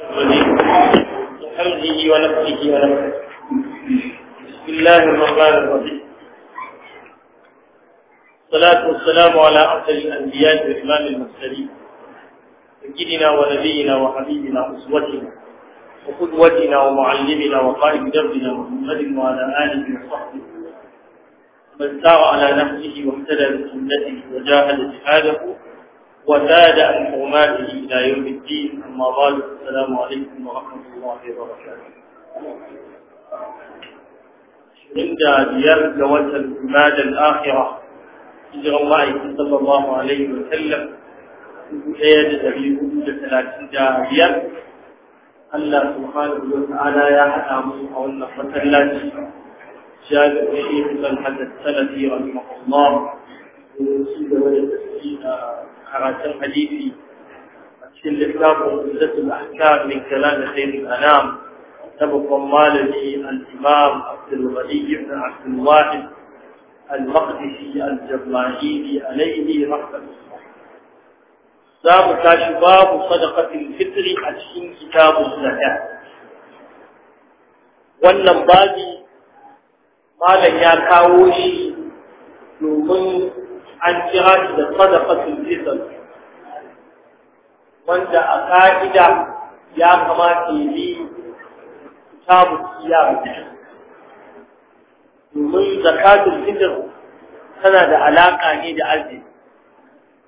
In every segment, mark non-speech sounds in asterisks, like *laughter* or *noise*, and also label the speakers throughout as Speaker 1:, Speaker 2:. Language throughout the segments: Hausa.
Speaker 1: وحمده ونفسه
Speaker 2: ونفسه بسم الله الرحمن الرحيم الصلاة والسلام على أفضل الأنبياء وإمام المرسلين سيدنا ونبينا وحبيبنا أسوتنا وقدوتنا ومعلمنا وقائد دربنا محمد وعلى آله وصحبه من سار على نفسه واهتدى بسنته وجاهد جهاده وزاد المحرومات الى يوم الدين اما بعد السلام عليكم ورحمه الله وبركاته
Speaker 1: عند ديار جوات
Speaker 2: الإمادة الآخرة إجرى الله صلى الله عليه وسلم سيد أبي وجود ثلاثين داريات الله سبحانه وتعالى يا حتى مصر أولنا فتلت جاد أبي حتى السلفي رحمه الله ورسول ولد السيدة karatun hadisi a cikin littafin zatul ahkam min kalam khairul anam na babban malami al-imam Abdul Ghani ibn Abdul Wahid al-Maqdisi al-Jablahili alayhi rahmatullah za mu tashi babu sadaqatul fitri a cikin kitabun zakat wannan babi malam ya kawo shi domin an kira shi da sadaqatul wanda a ka'ida ya kamata ya bi kitabu siyar domin zakatul fitr tana da alaka ne da aji,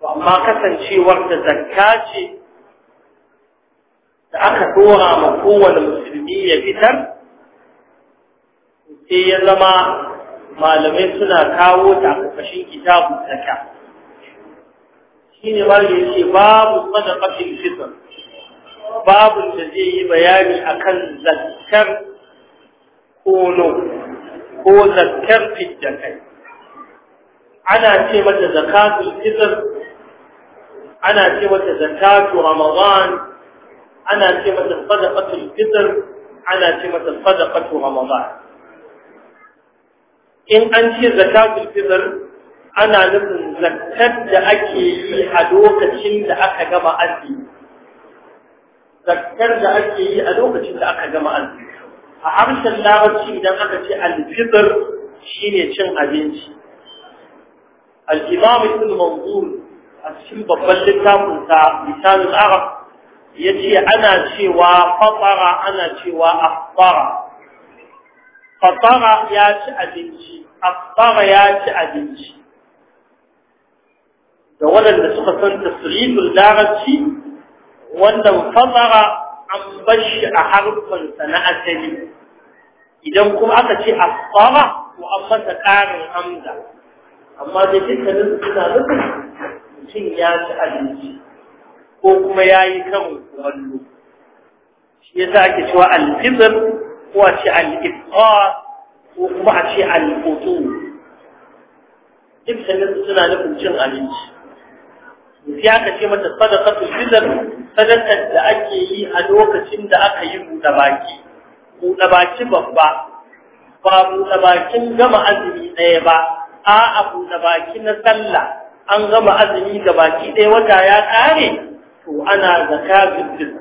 Speaker 2: to amma kasancewar da zakka ce da aka dora ma kowane musulmi ya fitar sai ya zama malamai suna kawo ta a kashin kitabu zaka shine ba yake babu sadaqatul fitr babu da zai yi bayani akan zakkar kono ko zakkar kai? ana ce mata zakatu fitr ana ce mata zakatu ramadan ana ce mata sadaqatul fitr ana ce mata sadaqatu ramadan in an ce zakatul fitr ana nufin zakat da ake yi a lokacin da aka gama azumi zakkar da ake yi a lokacin da aka gama azumi a harshen larabci idan aka ce al-fitr shine cin abinci al-imam ibn manzur a cikin babban littafin sa lisan ya arab yace ana cewa fatara ana cewa afara fatara ya ci abinci asfara ya ci abinci da waɗanda suka san tasirifin larabci wanda fatara an bashi a harfansa na asali idan kuma aka ce asfara ko an masa ƙarin hamza amma da dukkanin suna nufin mutum ya ci abinci ko kuma ya yi kan kumallo shi yasa ake cewa alfizar ko ce al ko kuma a ce al-futu suna nufin cin abinci sai aka ce mata sadaqatul fitr sadakar da ake yi a lokacin da aka yi buɗa baki buɗa baki babba ba buɗa bakin gama azumi ɗaya ba a buɗa baki na sallah an gama azumi ga baki ɗaya wata ya ƙare to ana zakatul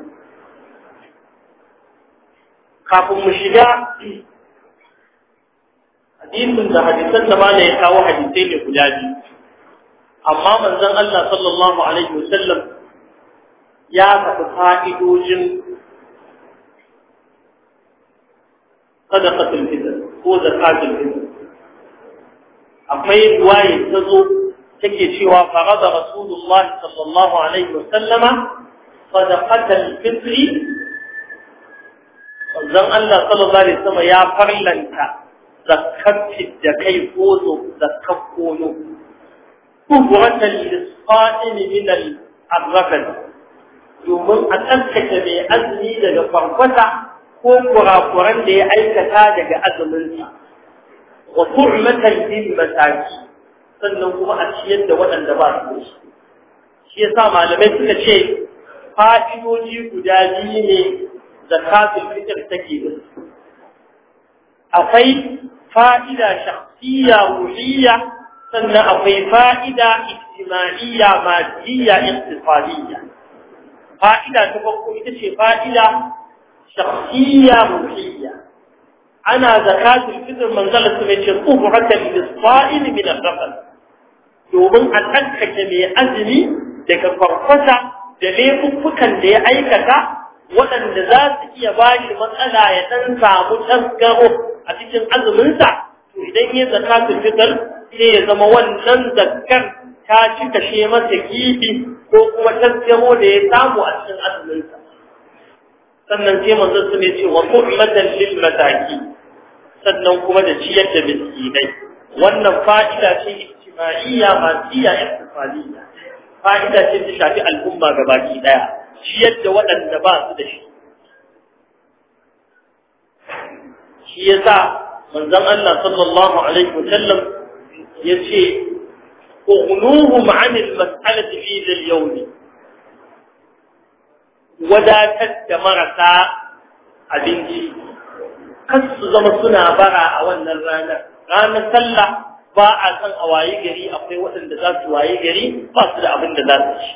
Speaker 2: kafin mu shiga hadisin da hadisan da mala ya kawo hadisai ne guda biyu amma manzon Allah sallallahu alaihi wasallam ya faɗi fa'idojin sadaqatul fitr ko zakatul fitr akwai riwaya ta zo take cewa farada rasulullah sallallahu alaihi wasallama sadaqatul fitr manzon Allah sallallahu alaihi wasallam ya farlanta zakkar da kai ko zo zakkar kono kuwata lisfa'in min al-arrafan domin a tsakkace mai azumi daga farkwata ko kurakuran da ya aikata daga azuminsa wa tu'matan lil mataki sannan kuma a ciyar da waɗanda ba su shi yasa malamai suka ce fa'idoji guda biyu ne zakatul fitr take da akwai fa'ida shakhsiyya ruhiyya sannan akwai fa'ida ijtima'iyya madiyya iqtisadiyya fa'ida ta farko ita ce fa'ida shakhsiyya ruhiyya ana zakatul fitr manzalatu mai ce qubratan lis-sa'il min al-rafal domin a tsarkake mai azumi daga farfasa da laifuffukan da ya aikata waɗanda za su iya ba shi matsala ya ɗan samu tasgaro a cikin azuminsa to idan ya zaka su fitar sai ya zama wannan zakkar ta ci kashe masa kifi ko kuma tasgaro da ya samu a cikin azuminsa sannan sai manzon su ne ce wa mu'madan lil mataki sannan kuma da ciyar da miskinai wannan fa'ida ce ijtima'iyya masiya iktifaliya fa'ida ce ta shafi al'umma gabaki daya ciyar da waɗanda ba su da shi shi ya sa manzan Allah sallallahu alaihi wasallam ya ce ugnuhum anil mas'alati fi yau ne. wadatar da marasa abinci kan su zama suna bara a wannan ranar ranar sallah ba a san a waye gari akwai waɗanda za su waye gari ba su da abin da za su ci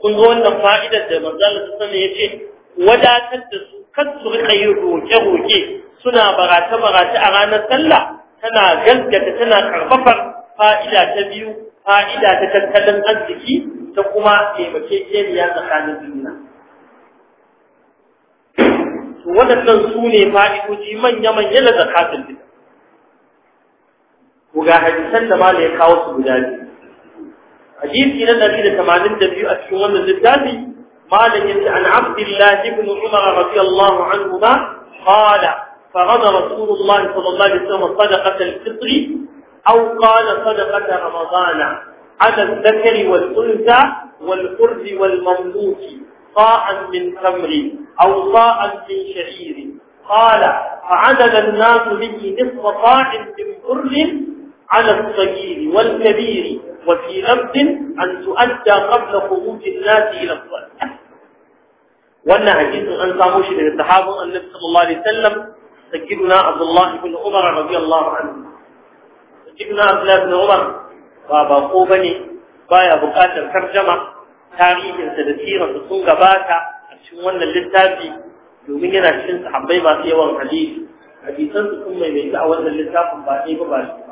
Speaker 2: kun ga wannan fa'idar da manzo su Sani ya ce, wadatar da su kan su rika yin roke-roke suna barata-barata a ranar sallah tana gaskata tana karfafar fa'ida ta biyu fa'ida ta tattalin arziki ta kuma taimakekeniya tsakanin juna waɗannan su ne fa'idoji manya-manya na zakatul Ku ga hadisan da ma ya kawo su guda biyu حديثي نبي لثمانين دبيو أسكوان الزبادي قال عن عبد الله بن عمر رضي الله عنهما قال فغضى رسول الله صلى الله عليه وسلم صدقة الفطر أو قال صدقة رمضان على الذكر والأنثى والفرد والمملوك صاعا من تمر أو صاعا من شعير قال فعدد الناس به نصف صاع من حر على الصغير والكبير وفي غمز أن تؤدى قبل خروج الناس إلى الصلاة وأن حديث أن ساموش من الصحابة النبي صلى الله عليه وسلم سجدنا عبد الله بن عمر رضي الله عنه سجدنا عبد الله بن عمر بابا قوبني بايا بقاتل ترجمة تاريخ سلسيرة سنغ باتا أشوان للتابي domin yana cikin sahabbai masu yawan hadisi hadisan su kuma mai mai da'awar da littafin ba ɗaya ba ba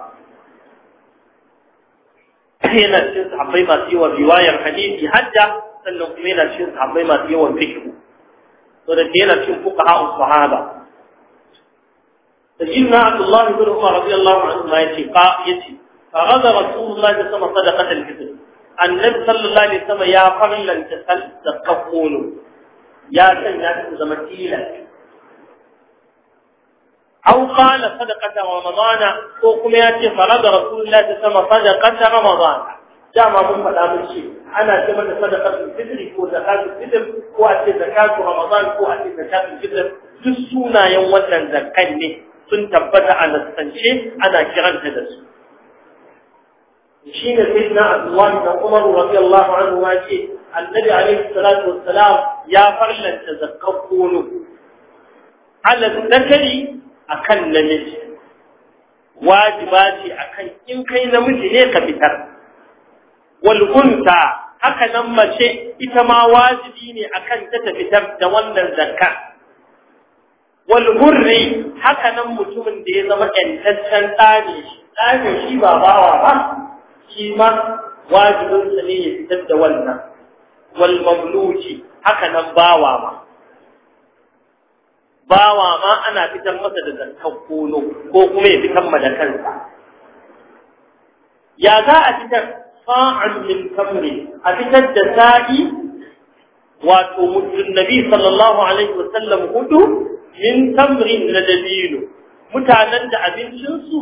Speaker 2: حين الشنس حبيما سيوى بواية الحديث في حجة سلم حين الشنس حبيما سيوى الفكر ورجينا في الصحابة سجلنا عبد الله بن عمر رضي الله عنه ما يتقى يتي فغضى رسول الله صلى الله صدقة الفطر النبي صلى الله عليه وسلم يا فمن لن تسأل تقفونه يا سيدنا تزمتي لك أو قال صدقة رمضان وكم يأتي فرد رسول الله تسمى صدقة رمضان جامع مفل آمن شيء أنا كمان صدقة الفطر كو زكاة الفطر كو أتي زكاة رمضان كو أتي زكاة الفطر جسونا يوم ودن زكاني سنتبت على السنشي أنا كران تدسو شين سيدنا عبد الله بن عمر رضي الله عنه واجه النبي عليه الصلاة والسلام يا فرلا تزكى على الذكري akan namiji wajiba ce akan in kai namiji ne ka fitar wal unta haka nan mace ita ma wajibi ne akan ta ta fitar da wannan zakka wal hurri haka nan mutumin da ya zama yantaccen tsani tsarin shi ba bawa ba shi ma wajibin sa ne ya fitar da wannan wal mamluki haka nan bawa ma bawa ma ana fitar masa da zarkan kono ko kuma ya fitar ma da kansa ya za a fitar sa'an min tamri a fitar da sa'i wato mutum nabi sallallahu alaihi wasallam hudu min tamrin na dabino mutanen da abincinsu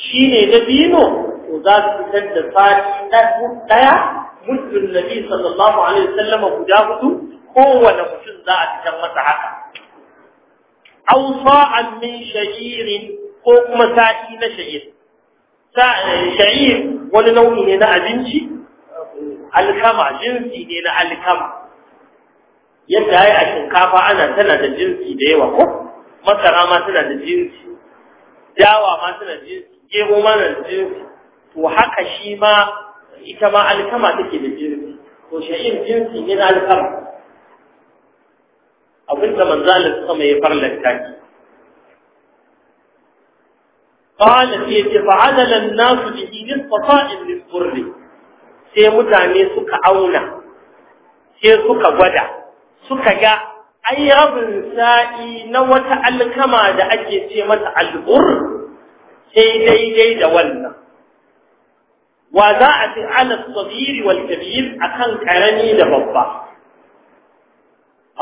Speaker 2: shi ne dabino to za su fitar da sa'i ɗaya mutum nabi sallallahu alaihi wasallam guda hudu kowane mutum za a fitar masa haka aw sa'an min sha'irin ko kuma sa'i na sha'ir eh, sha'ir wani nau'i ne na abinci alkama jinsi ne na alkama yadda ai a shinkafa ana tana da jinsi da yawa ko masara ma tana da jinsi dawa ma tana da jinsi gero ma tana da jinsi to haka shi ma ita ma alkama take da jinsi to sha'ir jinsi ne na alkama abin da manzo Allah sama ya farlanta ki ce fi tafa'ala an-nas bihi nisfa'in min sai mutane suka auna sai suka gwada suka ga ai rabin sa'i na wata alkama da ake ce mata albur sai daidai da wannan wa za a fi ala sabiri wal kabir akan karami da babba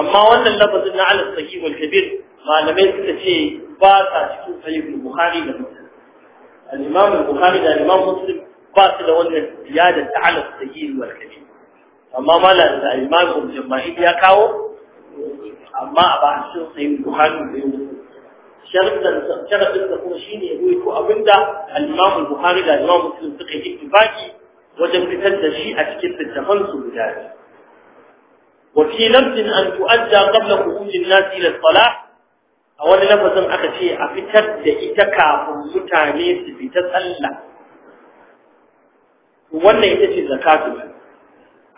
Speaker 2: amma wannan lafazin na alif sahih wal kabir malamai suka ce ba sa cikin sahih bukhari da muslim al-imam bukhari da al-imam muslim ba su da wannan ziyadar ta ala sahih wal kabir amma malam da al-imam jama'i ya kawo amma a ba cikin sahih bukhari da muslim sharadin sharadin da kuma shine yayi ko abinda al-imam bukhari da al-imam muslim suka yi ittifaqi wajen fitar da shi a cikin littafan su guda biyu وفي لفظ أن تؤدى قبل خروج الناس إلى الصلاة أولا لفظ أخشي أفتت إتكا فمتانيس بتسألة ولا يتشي زكاة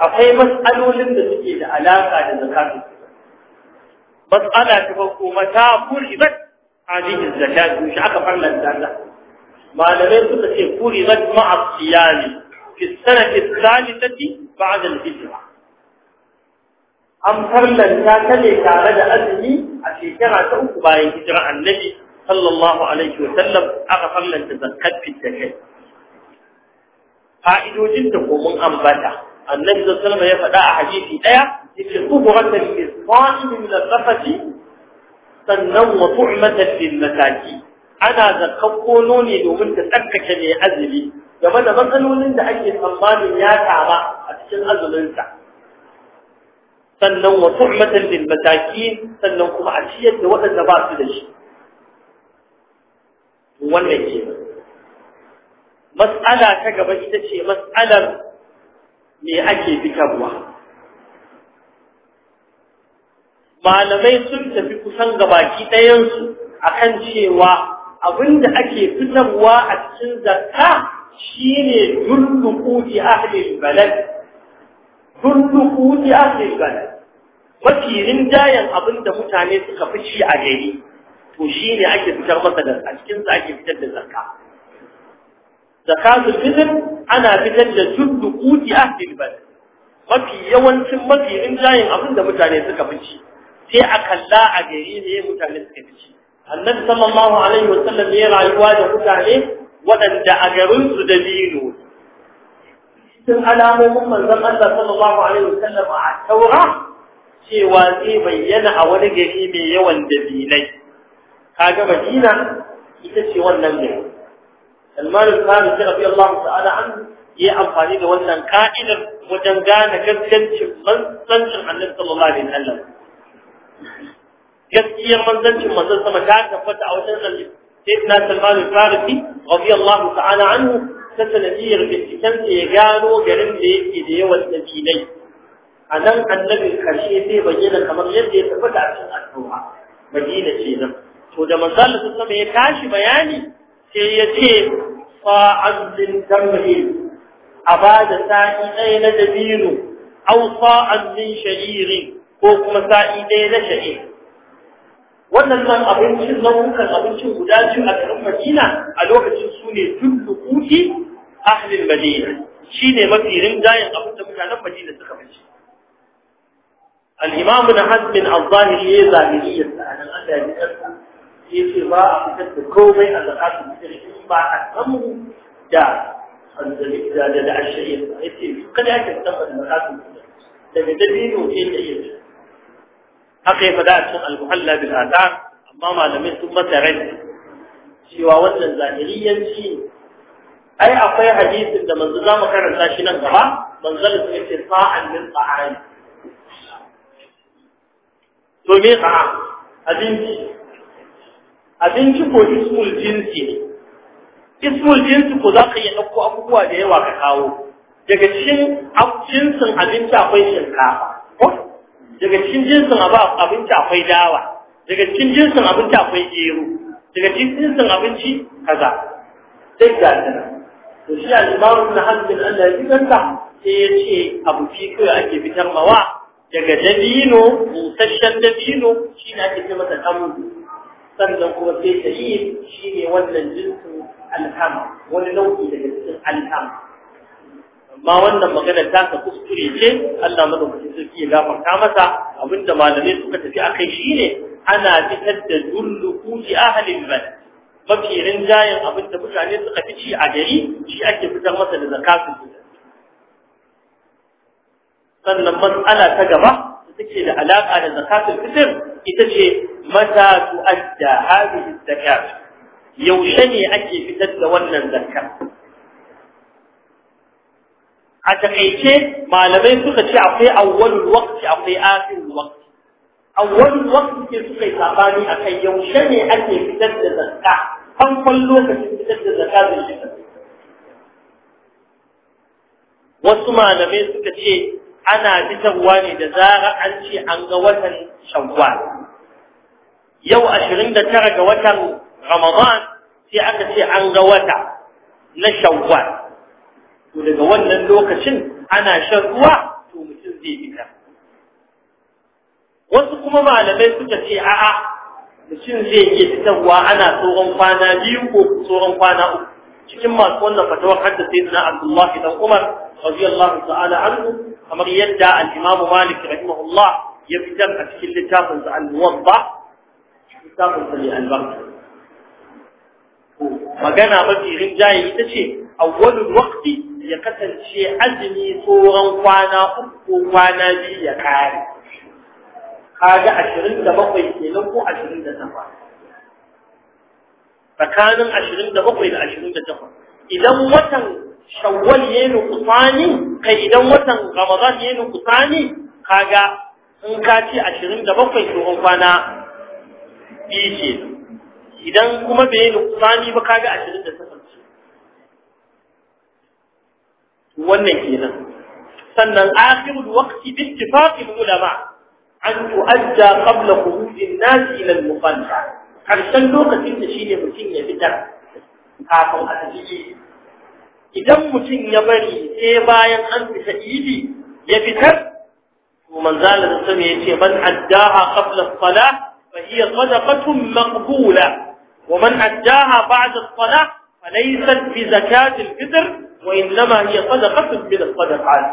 Speaker 2: أخي مسألة لن تجي لعلاقة لزكاة مسألة تفوق متى فربت هذه الزكاة مش أكفر للزكاة ما لم يكن تشي فربت مع الصيام في السنة الثالثة بعد الهجرة an farlanta ta ne tare da azumi a shekara ta uku bayan hijira annabi sallallahu alaihi wa sallam aka farlanta zakat da kai fa'idojin da komun ambata annabi sallallahu alaihi ya faɗa a hadisi daya yake tuburatan lisqa'in min al-qafati sannan wa tu'matan lil mataki ana zakkan kono ne domin ta tsarkake ne azumi game da matsalolin da ake tsammanin ya taba a cikin azuminsa sannan wa tu'matan lil masakin sannan kuma a ciyar da waɗanda ba su da shi wannan ke mas'ala ta gaba ita ce mas'alar me ake fitarwa malamai sun tafi kusan gabaki ɗayansu akan cewa abinda ake fitarwa a cikin zakka shine dullu kuti ahli balad dunduku ni gani mafi rinjayen abin da mutane suka fi ci a gari to shi ne ake fitar masa da a cikinsa ake fitar da zakka su fitar ana fitar da dunduku ni gani mafi yawancin mafi rinjayen abin da mutane suka fi ci sai a kalla a gari ne mutane suka fi ci annabi sallallahu alaihi wasallam ya rayuwa da mutane waɗanda a garinsu da dino sun alamomin manzon Allah sallallahu alaihi wasallam a taura cewa zai bayyana a wani gari mai yawan dabilai kaga Madina ita ce wannan gari Salman al-Farisi radiyallahu ta'ala anhu ya amfani da wannan ka'idar wajen gane gaskancin manzancin Annabi sallallahu alaihi wasallam gaskiyar manzancin manzon sama ta tabbata a wajen Sayyidina Salman al-Farisi radiyallahu ta'ala anhu ta sanadiyar binciken ya gano garin da yake da yawan dabilai a nan annabin karshe zai bayyana kamar yadda ya tafi da cikin addu'a madina ce nan to da manzon sun sama ya tashi bayani sai ya ce fa'an bin a ba da sa'i ɗaya na dabino au sa'an min ko kuma sa'i ɗaya na sha'irin wannan nan abincin nau'ukan abincin guda biyu a garin Madina a lokacin su ne kullu kuti ahlin Madina shine mafi rinjayen abin da mutanen Madina suka bace al-Imam Ibn Hazm al-Zahiri ya zahiri da sanan Allah ya karɓa yace ba a fitar da komai al-qasim shirki ba a samu da da da da ashirin yace kada ake tabbata al-qasim daga dabino da yake haka ya da a cikin al-muhalla bil athar amma malamai sun masa rai cewa wannan zahiriyanci ai akwai hadisin da manzo zamu karanta shi nan gaba manzo sai ya ce sa'an min sa'ain to me ka abinci abinci ko ismul jinsi ismul jinsi ko za ka iya abubuwa da yawa ka kawo daga cikin abincin abinci akwai shinkafa daga cikin jinsin abinci akwai dawa daga cikin jinsin abinci akwai gero daga cikin jinsin abinci kaza sai ga tana to shi al-imamu ibn hazm Allah ya ta? sai ya ce abu fi kai ake fitar mawa daga dabino busasshen dabino shi ne ake ce masa tamu sannan kuma sai shahid shi ne wannan jinsin alhama wani nau'i daga cikin alhama amma wannan maganar ta ka kuskure ce Allah madaukakin sarki ya gafarta masa abinda malamai suka tafi akai shine ana fitar da dulluku fi ahli al mafi rinjayen abinda mutane suka fi ci a gari shi ake fitar masa da zakatun sannan mas'ala ta gaba da take da alaka da zakatul fitr ita ce mata tu'adda hadhihi zakat yaushe ne ake fitar da wannan zakat a takaice malamai suka ce akwai awwalul waqti akwai akhirul waqti awwalul waqti ke suka yi sabani akan yaushe ne ake fitar da zakka farkon lokacin fitar da zakka da shi wasu malamai suka ce ana fitarwa ne da zara an ce an ga watan shawwal yau tara ga watan ramadan sai aka ce an ga wata na shawwal to daga wannan lokacin ana shan ruwa to mutum zai fita wasu kuma malamai suka ce a'a mutum zai iya fitarwa ana tsoron kwana biyu ko tsoron kwana uku cikin masu wannan fatawar hadda sai na Abdullah dan Umar radiyallahu ta'ala anhu kamar yadda al-Imam Malik rahimahullah ya fitar a cikin littafin sa al-Muwatta littafin sa al-Barka magana mafi rinjaye ita ce awwalul waqti ya kasance azumi tsoron kwana uku kwana biyu ya kare kaga ashirin da bakwai kenan ko ashirin da takwas tsakanin ashirin da bakwai da ashirin da takwas idan watan shawwal ya yi nukusani ka idan watan ramadan ya yi nukusani kaga in ka ce ashirin da bakwai tsoron kwana biyu ke idan kuma bai yi nukusani ba kaga ashirin da takwas wannan kenan sannan akhirul waqti bi ittifaqil ulama an tu'adda qabla khurujin nas ila al-muqalla karshen lokacin da shine mutum ya fitar kafin a tafi idan mutum ya bari sai bayan an fita idi ya fitar to manzala da sami yace man addaha qabla as-salah fa hiya sadaqatun maqbula wa man addaha ba'da as-salah falaysat bi zakatil fitr wa innama hiya sadaqatun min as-sadaqat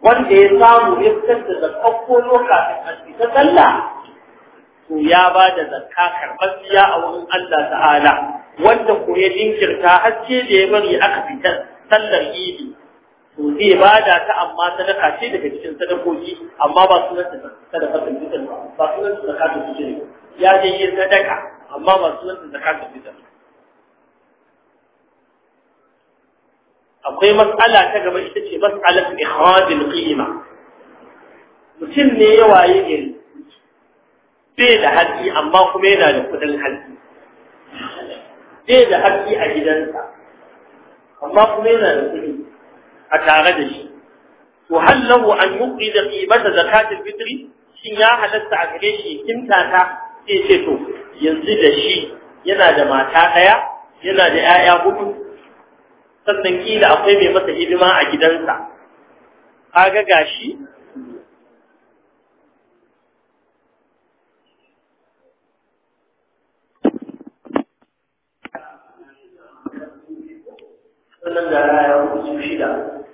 Speaker 2: wanda ya samu ya fitar da kakko lokacin aski ta sallah to ya ba da zakka karɓaɓɓiya a wurin Allah ta'ala wanda ko ya jinkirta haske da ya bari aka fitar sallar idi to zai ba da ta amma sadaka ce daga cikin sadakoki amma ba sunan ta sadaka ta fitar ba ba sunan ta zakka ta fitar ya je yin sadaka amma ba sunan ta zakka ta fitar akwai matsala ta gaba ita ce matsalar ikhrajil qima mutum ne ya waye gari bai da haƙƙi amma kuma yana da kudin haƙƙi bai da haƙƙi a gidansa amma kuma yana da kudi a tare da shi to hallahu an yuqi da qimata zakatul fitri shin ya halatta a gare shi kinta ta sai ce to yanzu da shi yana da mata ɗaya, yana da 'ya'ya hudu sannan kila akwai mai masa hidima a gidansa kaga gashi sannan da ya su shida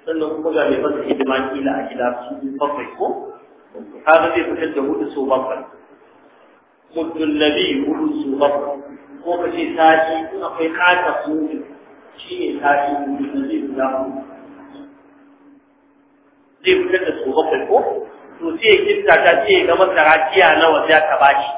Speaker 2: sannan kuma ga mai masa hidima kila a gida su bakwai ko kaga zai fitar da hudu su bakwai mutum nabi hudu su bakwai ko kace sashi in akwai kata su shi ne tashi mutum zai guda mu zai fitar da su bakwai ko to sai ya kinta ta ce ga masara tiya nawa za ka bashi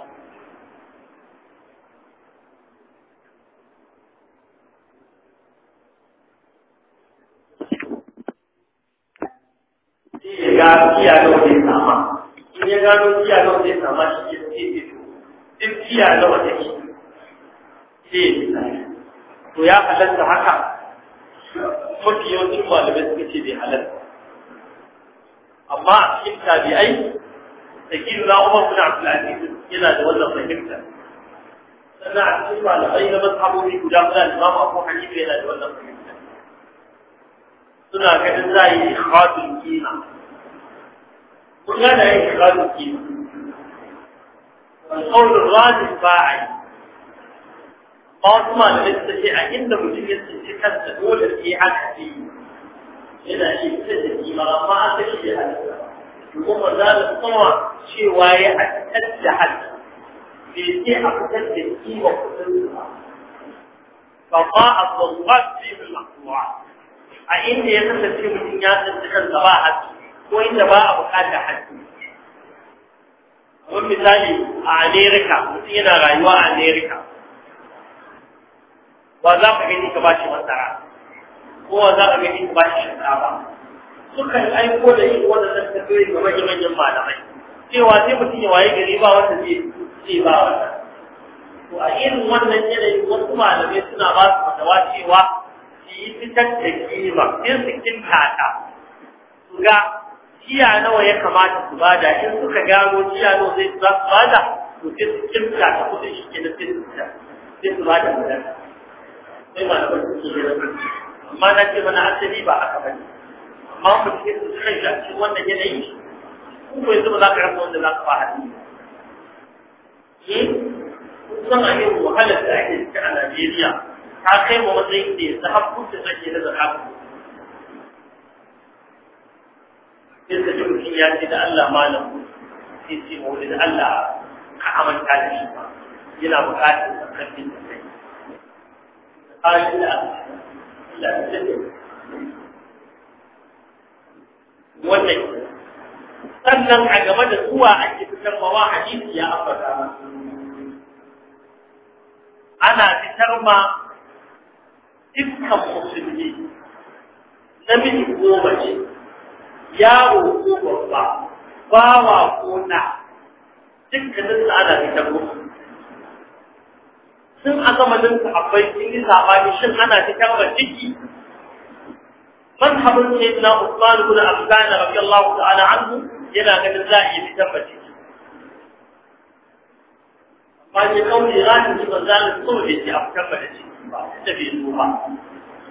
Speaker 2: sai ya gano tiya nawa zai sama in ya gano tiya nawa zai sama shi ke sai ya to in tiya nawa take sai ya to ya halatta haka mafi yawancin malamai suka ce bai halatta amma a cikin tabi'ai da kiri na umar bin abdulaziz yana da wannan fahimta sannan a cikin malamai na mazhabobi guda guda imam abu hanifa yana da wannan fahimta suna ganin za a yi ikhradul kima kun gane yin ikhradul kima
Speaker 1: والقول الراجح
Speaker 2: فاعل wasu malamai suka a inda mutum ya tsinci kansa dole sai haka ce yana shi da kima amma an ta shi halitta domin ba za da kuma cewa ya a fitar da halitta bai ce a fitar da kima kudin ba kama a a inda ya ba ko ba a misali a rayuwa a Amerika, Ba za ka gani ka ba shi masara ko ba za ka gani ka ba bashi shinkafa sukan aiko da yin wannan da ta kai ga manyan manyan malamai cewa sai mutum ya waye gari ba wanda zai ce ba wannan to a yin wannan yanayin wasu malamai suna ba su fatawa cewa su yi fitar da kima sai su kintata su ga jiya nawa ya kamata su bada in suka gano jiya nawa zai za su bada to sai su kimta ta kudin shi ke da sai su bada sai sai malamai suke yi amma na ce mana asali ba aka bane amma mu ce su kai shi a cikin wannan yanayi ko yanzu ba za ka rasa wanda za ka ba hadisi eh hmm? kusan a irin wahalar da ake ciki a Najeriya ta kai wa matsayin da yanzu har kusa take na zakatu sai ka ji mutum ya ce da Allah malam sai ce wa da Allah ka amanta da shi ba yana buƙatar karfin da قال لا لا تجد wannan sannan a game da zuwa ake fitar mawa hadisi ya ambata ana fitar ma dukkan musulmi namiji ko mace yaro ko babba bawa ko na dukkanin su ana fitar musu sun a zamanin sahabbai sun yi sabani shin ana ta kyamar ciki mazhabin sayyidina Usman ibn Affan radiyallahu ta'ala anhu yana ganin za a yi fitar da ciki ba ne kawai kauli ranin su ba zalin so ne ke a fitar da ciki ba da bai zo ba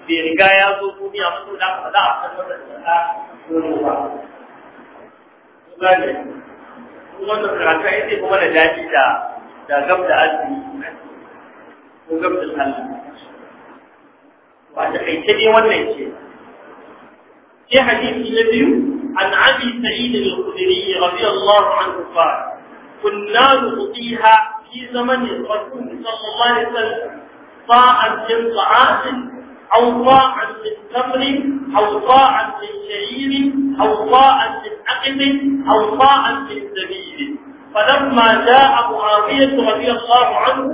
Speaker 2: bai riga ya zo duniya ba da ba za a fitar da ciki ba wannan karatu ai sai kuma da daɗi da da gab da azumi ko gabdin Allah wata kai ta dai wannan ce sai hadisi na biyu an abi sa'id al-khudri radiyallahu anhu qala kunna nuqiha fi zamanin rasul sallallahu alaihi wasallam sa'an min ta'atin aw sa'an min tamrin aw sa'an min sha'irin aw sa'an min aqbin aw sa'an min zabiyin فلما جاء معاوية رضي الله عنه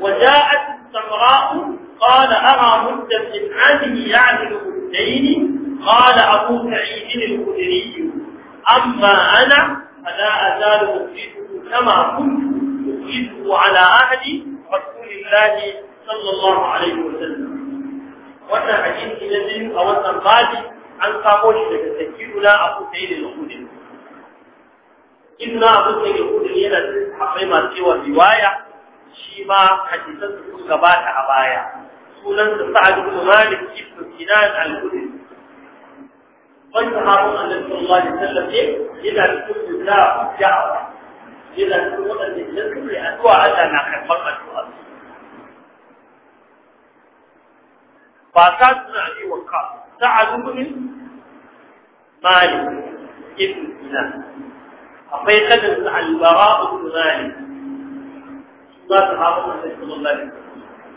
Speaker 2: وجاءت تقرا قال ارى مده من ابعاده يعني الاثنين قال ابو سعيد الخدري اما انا فلا ازال مفيده كما كنت مفيده على أهل رسول الله صلى الله عليه وسلم وانا عجبت الذي او الانقاذ عن قابوش لتسجيل لا ابو سعيد الخدري إنا أبو سيد الخدري لنا حقيمة سوى الرواية shi ma hadisan su gabata a baya sunan sa Sa'ad ibn Malik ibn Sinan al-Khudri wanda harun annabi sallallahu alaihi wasallam ne yana cikin da da'awa yana cikin wanda ke cikin addu'a Allah na karɓar addu'a ba sa suna abi wanka Sa'ad ibn Malik ibn Sinan akwai kadin al-Bara ibn Malik ما صحابة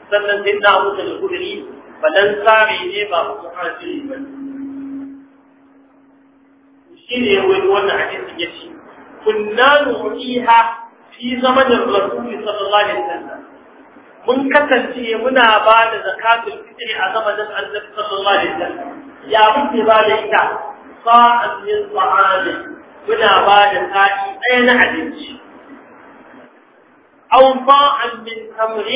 Speaker 2: sannan sai na abu da kudiri ba tsari ne ba ku hajji ba shi ne wani wannan hadisi ya ce kunna nuhiha fi zamanin rasul sallallahu alaihi wasallam mun kasance muna ba da zakatul fitri a zamanin annabi sallallahu alaihi wasallam ya muke ba da ita sa'an min sahabi muna ba da sa'i ɗaya na abinci أو من تمر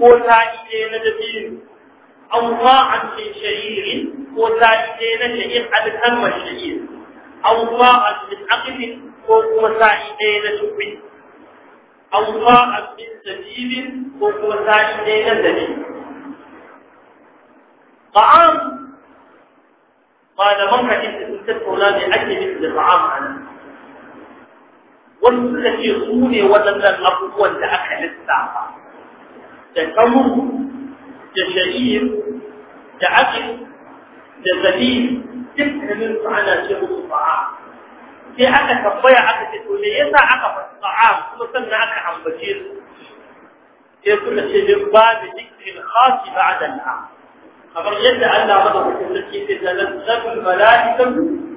Speaker 2: وتائدين دبير أو من شعير وتائدين شعير على تم الشعير أو من عقل وتائدين شعير أو من سبيل وتائدين دليل طعام قال من حديث تتكلم لأجل مثل طعام عنه wani suka ce su ne waɗannan abubuwan da aka lissafa da kamuru da shari'ir da aji da zalil dukkanin su ana ce musu ba'a sai aka tambaya aka ce to me yasa aka fasa'a kuma sannan aka ambace su sai suka ce bin babu dikrin khasi ba'da al'am kamar yadda Allah madaukakin sarki sai ta lantar mala'ikan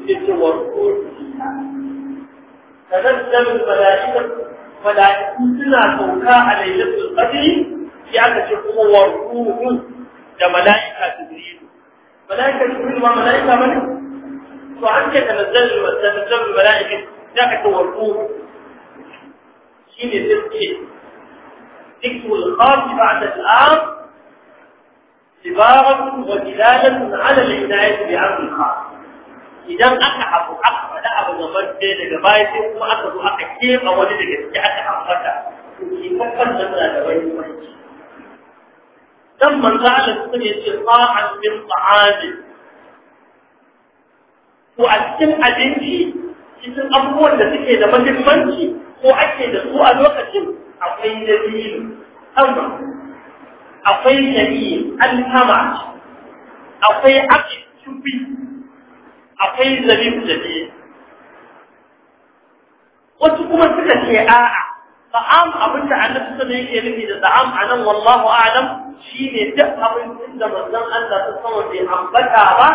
Speaker 2: da ke warko تنزل الملائكة ملائكة سنة توقع يد القدر في أن تقوى وروح كملائكة جبريل ملائكة جبريل وملائكة من؟ وعنك تنزل الملائكة ذاك وروح شين لذلك ذكر الخاص بعد الآن سبارة ودلالة على العناية بعمل الخاص idan aka abu aka faɗa abu gaban ɗaya daga baya sai kuma aka zo aka keɓa wani daga ciki aka ambata to shi kakkan da muna da wani wani dan manzo Allah sun ya ce ta'an min ta'ani ko a cikin abinci cikin abubuwan da suke da muhimmanci ko ake da su a lokacin akwai dabilu amma akwai shari'i alhama akwai aqid tubi akwai zabib zabi wasu kuma suka ce a'a ta'am abin da annabi sallallahu alaihi wasallam yake da ta'am anan wallahu a'lam shine duk abin da manzon Allah ta sama bai ambata ba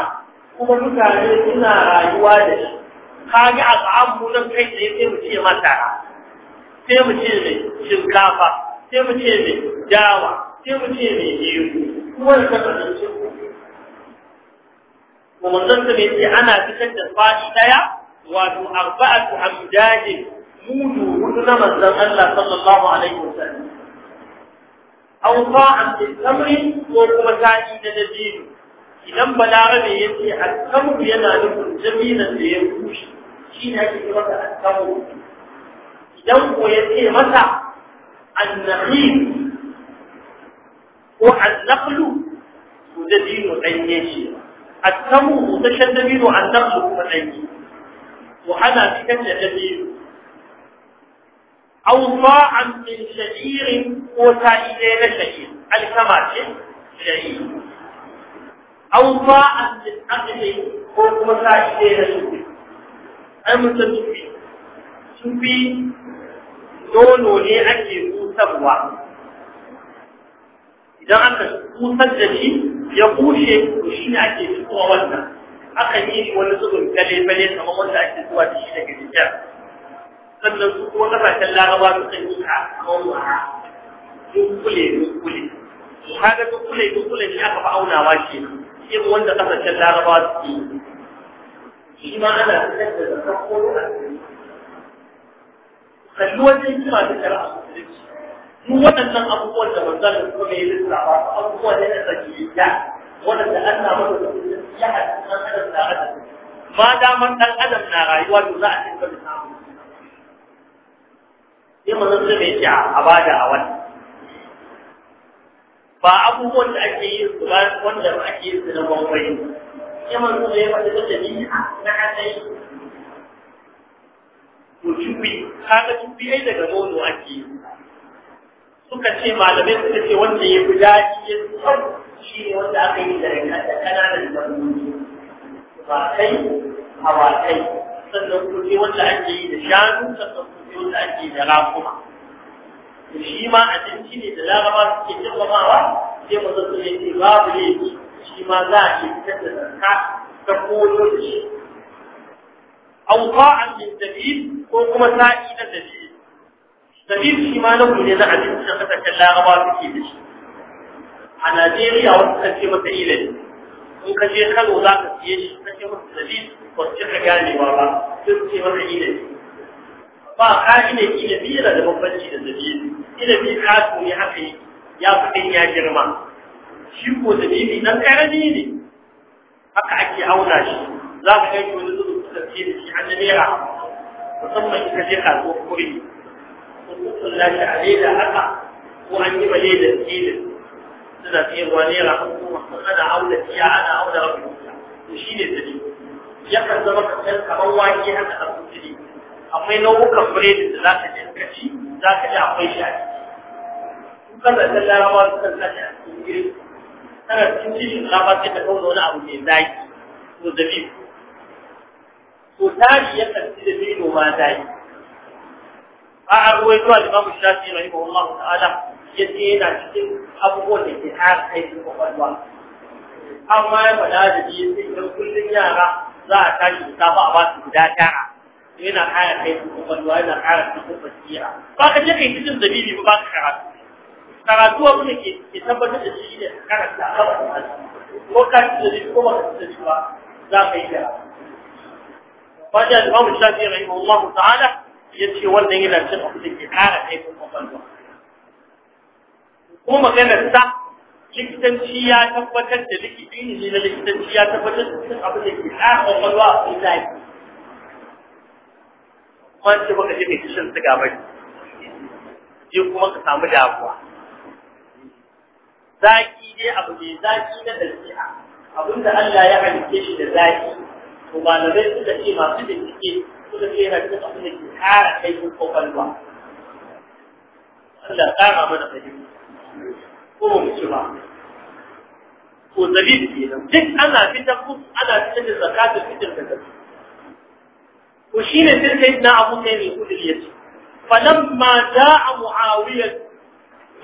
Speaker 2: kuma mutane suna rayuwa da shi kage a ta'am mu nan kai tsaye sai mu ce mata, sai mu ce mai shinkafa sai mu ce mai dawa sai mu ce mai yiwu kuma da kasance kuma manzon sa yace ana fitar da fadi daya wato arba'atu amdajin mudu hudu na manzon Allah sallallahu alaihi wasallam aw ta'am bil amri ko kuma ta'i da dabino idan balarabe yace al-kamru yana nufin jaminan da ya kushi shi ne ake kira da ko yace masa an-nakhil attamu mutashaddidu an nafsu fadai wa hada fi kanta jadid aw ta'an min shadir wa ta'ila la shadid al kama ce shadid aw ta'an min aqli ko kuma ta'ila la shadid ay mutashaddid sufi nono ne ake kusarwa idan aka kusar da ya bushe to shi ne ake fitowa wannan akan yi shi wani zubin fale-fale kamar wanda ake zuwa da shi daga jikin sannan su kuma kasashen laraba su kan yi a kawara dukkule dukkule su haga dukkule dukkule ne aka fi aunawa ke irin wanda kasashen laraba su ke shi ma ana fitar da zakar kowar kalli wajen kima da shara'a musulunci mu waɗannan abubuwan da manzon kuma ya lissafa abubuwa ne na zakiyya wanda Allah maka ya haɗa da da ma man dan adam na rayuwa to za a dinga da samu mun san me ya abada a bada wannan ba abubuwan da ake yi su ba wanda ba ake yi su na ne mun san da ya faɗi da dalili na hadai to cubi kaga cubi ai daga nono ake yi suka ce malamai suka ce wanda ya fi daɗi ya sau shi ne wanda aka yi da rana da ƙananan dabbobi ba kai hawakai sannan kuje wanda ake yi da shanu sannan kuje wanda ake yi da rakuma shi ma abinci ne da laraba suke girmamawa sai mu zan ne ce babu ne shi ma za a yi fitar da zarka ta koyo da shi auqa'an min dabil ko kuma sa'i na dabil sabib shi ma na ne na abinci da kasashen laraba ke da shi a najeriya wasu kan ce masa ilimi in ka je kano za ka siye shi ka ce masa sabib ba su cika ganewa ba sai su ce masa ilimi ba ka yi ina ilimi yana da bambanci da Ina sabib ka kato ne haka ya fi ya girma shi ko sabibi dan karami ne haka ake auna shi za ka kai wani zuwa da shi a naira musamman in ka je kasuwar kuri lashi a leda haka ko an yi ma ledan filin suna siyarwa naira hukuma ana auna tiya ana auna rabin wuta to shi ne sadi yakan zama kamar kamar wake haka a sutiri akwai nau'ukan biredin da za ka je ka ci za ka ji akwai shi a ciki kan da ta larabawa suka sa shi a cikin gire tana cikin cikin larabawa sai ta kauna wani abu mai zaki ko to zabi to tari yakan ci da bino ma zaki a arwaito al-imam shafi rahimahullah ta'ala yace yana cikin abubuwan da ke har kai cikin kwakwalwa amma ya faɗa da ji sai idan kullun yara za a tashi da safa a ba su guda tara yana ƙara kai cikin kwakwalwa yana ƙara cikin basira ba ka je kai cikin dalili ba ba ka karatu karatu abu da ke tabbatar da shi ne karanta a kawai ko ka ci dalili ko ba ka ci dalili ba za ka yi da. Fajiyar Imam Shafi rahimahullah ta'ala ya ce wannan yana cin abu da ke kara kaifin kwakwalwa ko maganar ta likitanci ya tabbatar da ne na likitanci ya tabbatar da cin abu da ke kara kwakwalwa a cikin zafi kuma ce baka je mai kishin siga ba je kuma ka samu damuwa zaki dai abu ne zaki na ɗabi'a abinda Allah ya halitta shi da zaki مبالغه في تقييم هذه التكيه وتقييم هذه التقييم في حال حيث فوق الوقت الله تعالى من أجل قوموا بسرعة ودليل فينا جيت أنا في تقوم أنا في تقوم الزكاة في تلك الزكاة وشين تلك إبناء أبو تاني يقول اليسر فلما جاء معاوية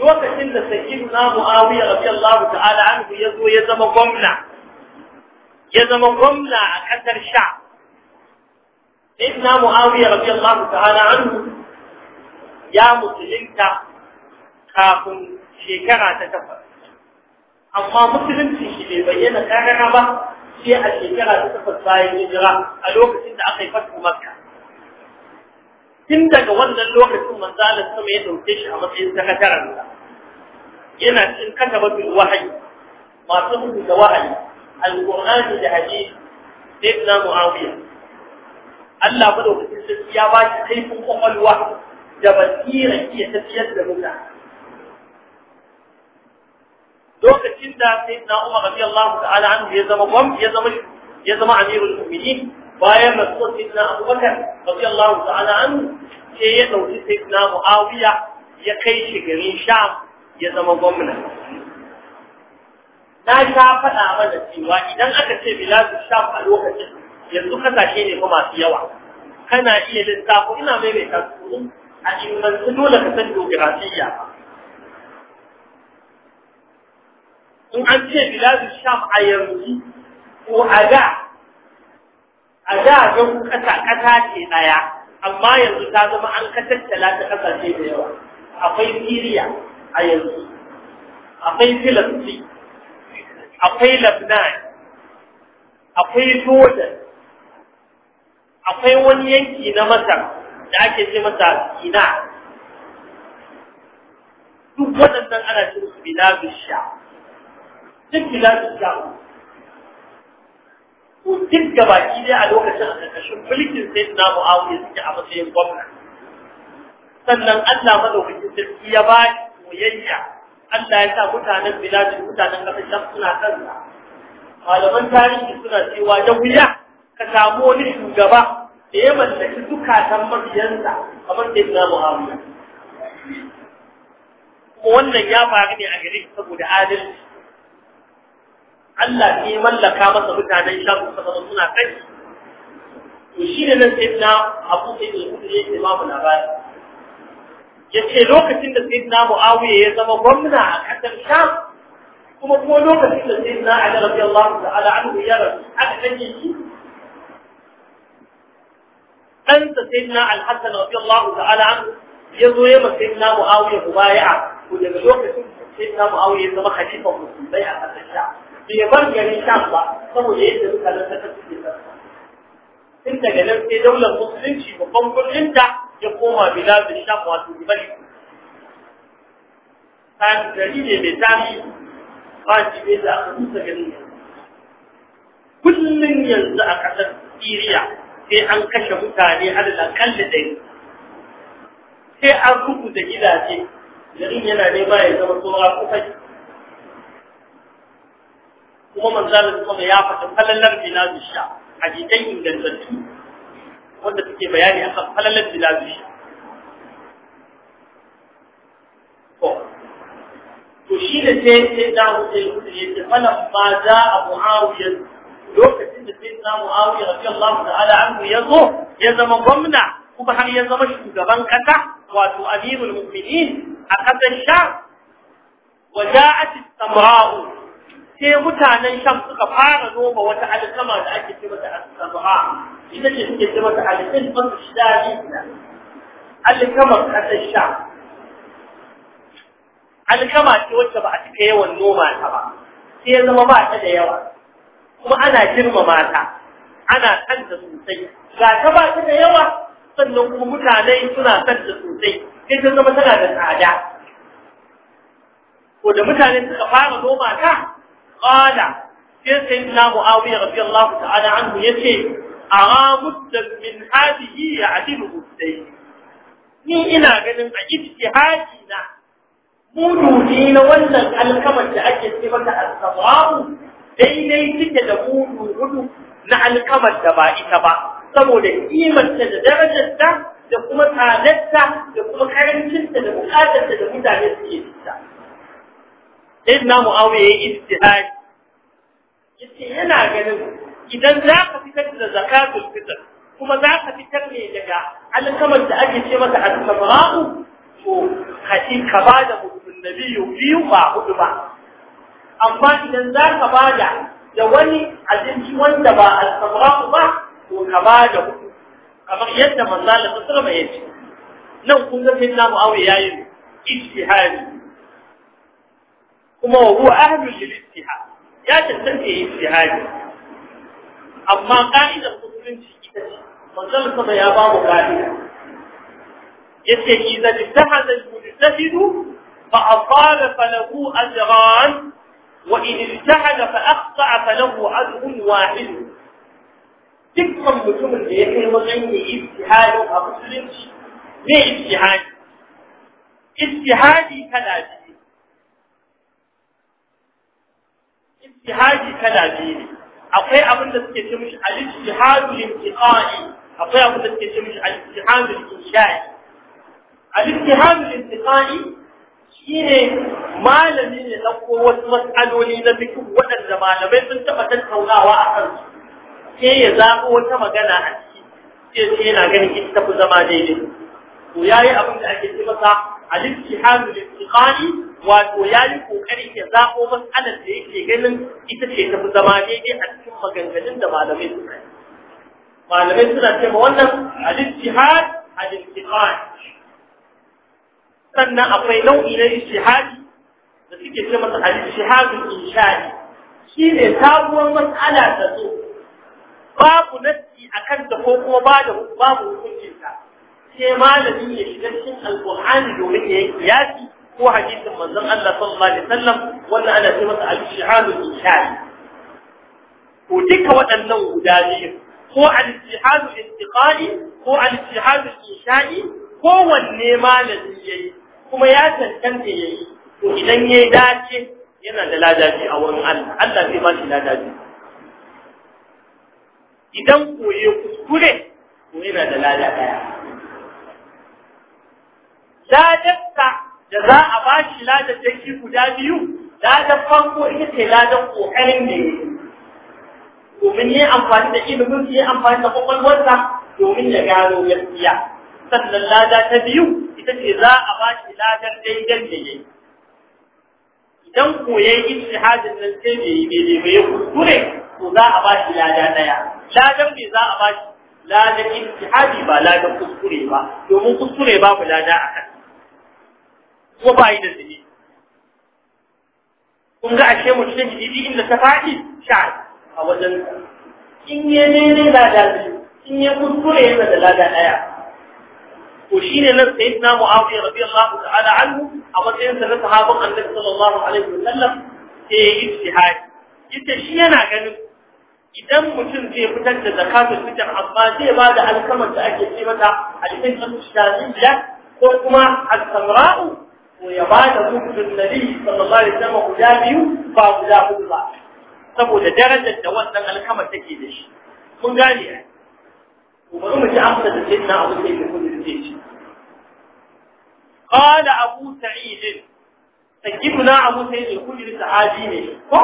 Speaker 2: يوكس إن سيدنا معاوية رضي الله تعالى عنه يزو يزم قمنا جزم الرملة حتى الشعب إذن معاوية رضي الله تعالى عنه يا مسلمت كافٌ شكرا تتفر أما مسلم تشبه بينا كارغبة في الشكرا تتفر فائل إجراء ألوك سند أخي فتح مكة سندك ولا ألوك ثم زال السمية وتشع مطعين سكترا ينا سنكتبت الوحي ما تنكتب بالوحي alqur'ani da hadisi sayyidina muawiya Allah bada wuce sarki ya ba shi kaifin kwakwalwa da basira iya tafiyar da mutane lokacin da sayyidina Umar radiyallahu ta'ala anhu ya zama gwam ya zama ya zama amirul mu'minin bayan rasuwar sayyidina Abubakar radiyallahu ta'ala anhu sai ya dauki sayyidina Muawiya ya kai shi garin Sham ya zama gwamna na ta faɗa mana cewa idan aka ce biladu sham a lokacin yanzu kasashe ne kuma masu yawa kana iya lissafo ina maimaita su a ilmantu dole ka san geografiya in an ce biladu sham a yanzu ko a da a da zan kasa kasa ce daya amma yanzu ta zama an katattala ta kasashe da yawa akwai siriya a yanzu akwai Filistin akwai Lebanon akwai Jordan akwai wani yanki na Masar da ake ce masa Sina duk waɗannan ana ce musu biladu sha duk biladu sha ku duk gabaki dai a lokacin a ƙarƙashin mulkin sai na mu'awiyar suke a matsayin gwamna sannan Allah madaukakin sarki ya ba soyayya Allah ya sa mutanen bilajin mutanen kafin suna kansa malaman tarihi suna cewa da wuya ka samu wani shugaba da ya mallaki zukatan mabiyansa kamar da na Muhammadu. kuma wannan ya faru ne a gare saboda adalci Allah ne mallaka masa mutanen shafi saboda suna kai to shi ne nan sai na abu sai ne kuma ya ce babu labari ya ce lokacin da sai na mu'awiya ya zama gwamna a ƙasar sham kuma kuma lokacin da sai na ali rabi Allah da an ya rabu aka yi shi dan sa sai na al-hasan rabi Allah ta'ala an ya zo ya masai na mu'awiya mubaya'a ko daga lokacin da sai na mu'awiya ya zama khalifa musulmai a ƙasar sham bai ban garin sham ba saboda yadda suka lantarki suke sarfa tun daga nan sai daular musulunci babban kullum ta ya koma bilal da sham wato bali kan gari ne mai tarihi ba shi ne da aka tusa ganin kullum yanzu a ƙasar Siriya sai an kashe mutane alal kalli ɗari sai an da gidaje garin yana nema ya zama tsoron kufai kuma manzara kuma ya fata falalar bilal da sham a gidan ingantattu wanda suke bayani akan falalar bilazushi to shi da sai sai da hudu ya ce falan ma za a mu'awiyar lokacin da sai na mu'awiyar rafi Allah ta'ala anhu ya zo ya zama gwamna kuma har ya zama shugaban kasa wato amirul mu'minin a kasar sha wa ja'at samra'u sai mutanen sham suka fara noma wata alkama da ake ce mata as-sab'a ita ce suke ce mata alifin ban shari na alkamar kasar sha alkama ce wacce ba a cika yawan noma ta ba sai ya zama ba ta da yawa kuma ana girmama ta ana san da sosai ga ta ba ta da yawa sannan kuma mutane suna san da sosai sai ta zama tana da tsada ko da mutane suka fara noma ta qala sai sayyidina muawiya radiyallahu ta'ala anhu yace أرى مدا من هذه يعدله الدين ni ina ganin a ijtihadi na
Speaker 1: mududi
Speaker 2: na wannan alkamar da ake ce mata al-sawabu daidai take da mudu hudu na alkamar da ba ita ba saboda kimarta da darajarta da kuma tsadarta da kuma karancinta da bukatarta da mutane suke fita sai na mu'awiya ya ijtihadi yace yana ganin idan za ka fitar da zakatul fitr kuma za ka fitar ne daga alkamar da ake ce masa al-samra'u to kaci ka ba da hudun nabiyu biyu ba hudu ba amma idan za ka ba da wani abinci wanda ba al-samra'u ba ko ka ba da hudu kamar yadda manzala ta sallama ya ce nan kun ga sayyidina muawiya yayin ijtihadi kuma wa huwa ahlul ijtihad ya tantance ijtihadi amma ka'idar musulunci ita ce manzon sama ya ba mu ka'ida yace idza ijtahada al-mujtahid fa asala falahu ajran wa in ijtahada fa akhta'a falahu ajrun wahid dukkan mutumin da ya kai matsayin ya ijtihadi a musulunci ne ijtihadi ijtihadi kala biyu ijtihadi kala biyu akwai abin da suke ce mishi al-ijtihadu lil-intiqai akwai abin da suke ce mishi al-ijtihadu lil-inshai al-ijtihadu lil-intiqai shine malami ne da ko wasu mas'aloli na fiqh waɗanda malamai sun taɓa tattaunawa a kan sai ya zabo wata magana a ciki sai yana ganin ita tafi zama daidai Wato ya yi abin da ake ce masa al-imtihanu lil-istiqani wato yi kokari ya zabo mas'alar da yake ganin ita ce ta fi zama daidai a cikin maganganun da malamai suka yi malamai suna ce ma wannan al-ijtihad al sannan akwai nau'i na ijtihadi da suke ce masa al-ijtihad al Shi ne sabuwar mas'ala ta zo babu nassi akan da ko kuma babu hukuncin sai malami ya shiga cikin alƙur'ani domin ya yi kiyasi ko hadisin manzon Allah sallallahu alaihi wasallam wannan ana ce masa al-shihadu al-shihad ko duka waɗannan guda biyu ko al-shihadu al-istiqali ko al-shihadu al-ishai ko wanne malami yi, kuma ya tantance yi to idan ya yi dace yana da ladabi a wurin Allah Allah zai ba shi ladabi idan koye kuskure to yana da ladabi ladarsa da za a shi ladar da shi guda biyu ladar farko ita ce ladar kokarin ne domin yi amfani da ilimin su yi amfani da ƙwaƙwalwarsa, domin ya gano gaskiya sannan lada ta biyu ita ce za a ba shi ladar daidan da yayi idan koyayi ijtihadin nan sai bai yi mai ba ya kuskure to za a ba shi lada daya ladan bai za a ba shi ladan ijtihadi ba ladan kuskure ba domin kuskure babu lada a kan kuma ba yi da zunubi kun ga ashe mutum jiki inda ta faɗi sha a wajen in ya nene lada biyu in ya kuskure yana da lada ɗaya to shi ne nan sai na mu'afiyar rabi Allah ta'ala anhu a matsayinsa na sahabin annabi sallallahu alaihi wa sallam ke yi ijtihadi ita shi yana ganin idan mutum zai fitar da zakatul fitr amma zai ba da alkamar da ake ce mata al-fitr shadidda ko kuma al-samra'u ko ya ba da hukun nabi sallallahu alaihi wasallam guda biyu ba guda hudu ba saboda darajar da wannan alkama take da shi kun gane ko bari mu ji amsa da sayyidina Abu Sa'id al-Khudri ce qala Abu Sa'id sayyidina Abu Sa'id al-Khudri sahabi ne ko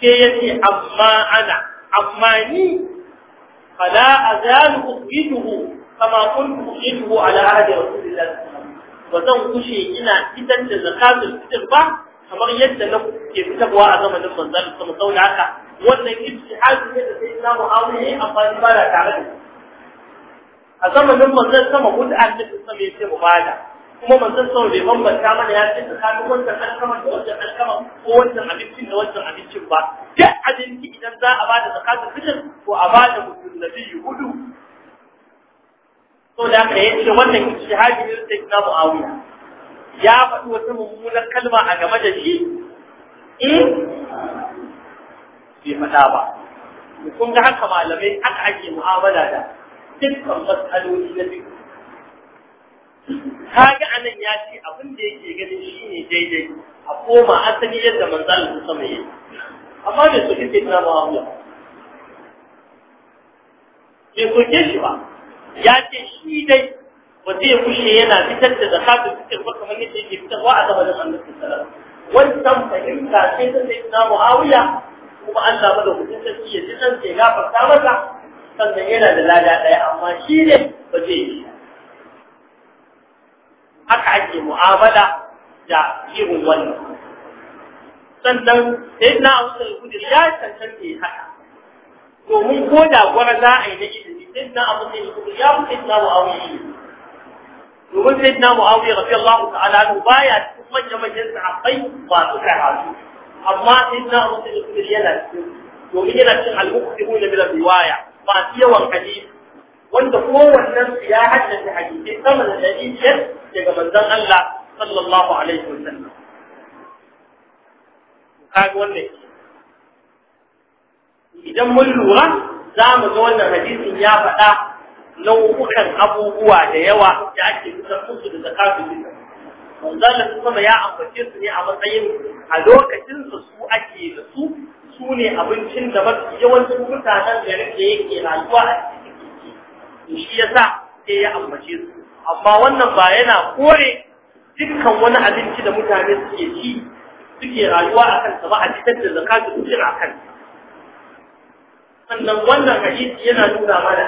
Speaker 2: sai yace amma ana amma ni fala azalu ukhrijuhu kama kuntu ukhrijuhu ala ahdi rasulillah ba zan kushe ina fitar da zakatul fitr ba kamar yadda na ke fitarwa a zamanin manzon sama saboda haka wannan ijtihadi ne da sai na mu'awiya ne amfani ba da tare da a zamanin manzon sama mut'a ta sama ce mubada kuma manzon sama bai bambanta mana ya ce tsakanin wannan alkama da alkama ko wannan abincin da wannan abincin ba duk abinci idan za a bada zakatul fitr ko a bada mutum nabi hudu
Speaker 1: so da haka yace wannan
Speaker 2: ijtihadi ne sai na Muawiya ya faɗi wata mummunar kalma a game da shi eh bai faɗa ba kun ga haka malamai aka ake mu'amala da dukkan matsaloli na duk ga anan ya ce abin da yake ganin shine daidai a koma asali yadda manzalin sama yake amma da su kike na Muawiya bai ke shi ba ya ce shi dai ba zai kushe yana fitar da zakatun fitar ba kamar yadda yake fitarwa a zamanin annabi Wani wannan fahimta sai ta zai na muawiya kuma an da madaukakin sarki ya ji san sai gafarta masa sannan yana da lada ɗaya amma shi ne ba zai yi haka ake mu'amala da irin wannan sannan sai na wasu kudin ya cancanta ya haka domin ko da gwara za a yi na سيدنا أبو سيدكم إياه سيدنا معاوية يقول سيدنا معاوية رضي الله تعالى عنه بايع ثم جمع جزع طيب ما تسعى أما سيدنا أبو سيدكم إياه يقول إينا الشيخ المخطئون من الرواية ما فيه والحديث وانت هو والنم يا حجة حديث ثمن الحديث يس يجب أن ذن الله صلى الله عليه وسلم كاغوني اذا مول لورا za mu ga wannan hadisin ya faɗa nau'ukan abubuwa da yawa da ake fitar musu da zakatu bisa manzalin sama ya ambace su ne a matsayin a lokacin su su ake da su su ne abincin da mafi yawancin mutanen garin da yake rayuwa a cikin shi ya sa sai ya ambace su amma wannan ba yana kore dukkan wani abinci da mutane suke ci suke rayuwa a kansa ba a cikin da zakatu bisa a kansa sannan wannan hadisi yana nuna mana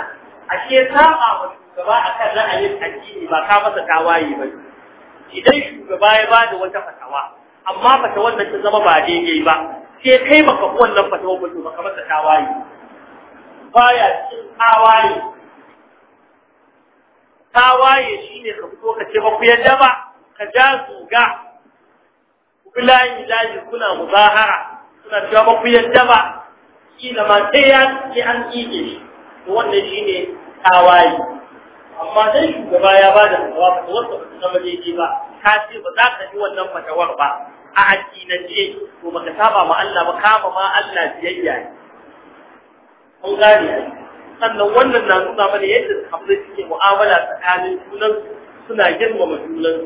Speaker 2: ashe saba wa shugaba a kan ra'ayin addini ba ka masa tawaye ba idan shugaba ya bada wata fatawa amma fatawar wannan ta zama ba daidai ba sai kai maka wannan fatawar ba ba ka masa tawaye baya cikin tawaye tawaye shi ne ka fito ka ce ba ku yadda ba ka ja zuga ku layi layi kuna muzahara suna cewa ba ku yadda ba kila ma sai ya ce an tsige shi wannan shi ne tawaye amma dai shugaba ya ba da fatawa wasu da ta zama daidai ba ka ce ba za ka ji wannan fatawar ba a addinance to baka saba ma Allah ba kama ma Allah biyayya ne an gane sannan wannan na nuna mana yadda sahabbai suke mu'amala tsakanin junan suna girmama junan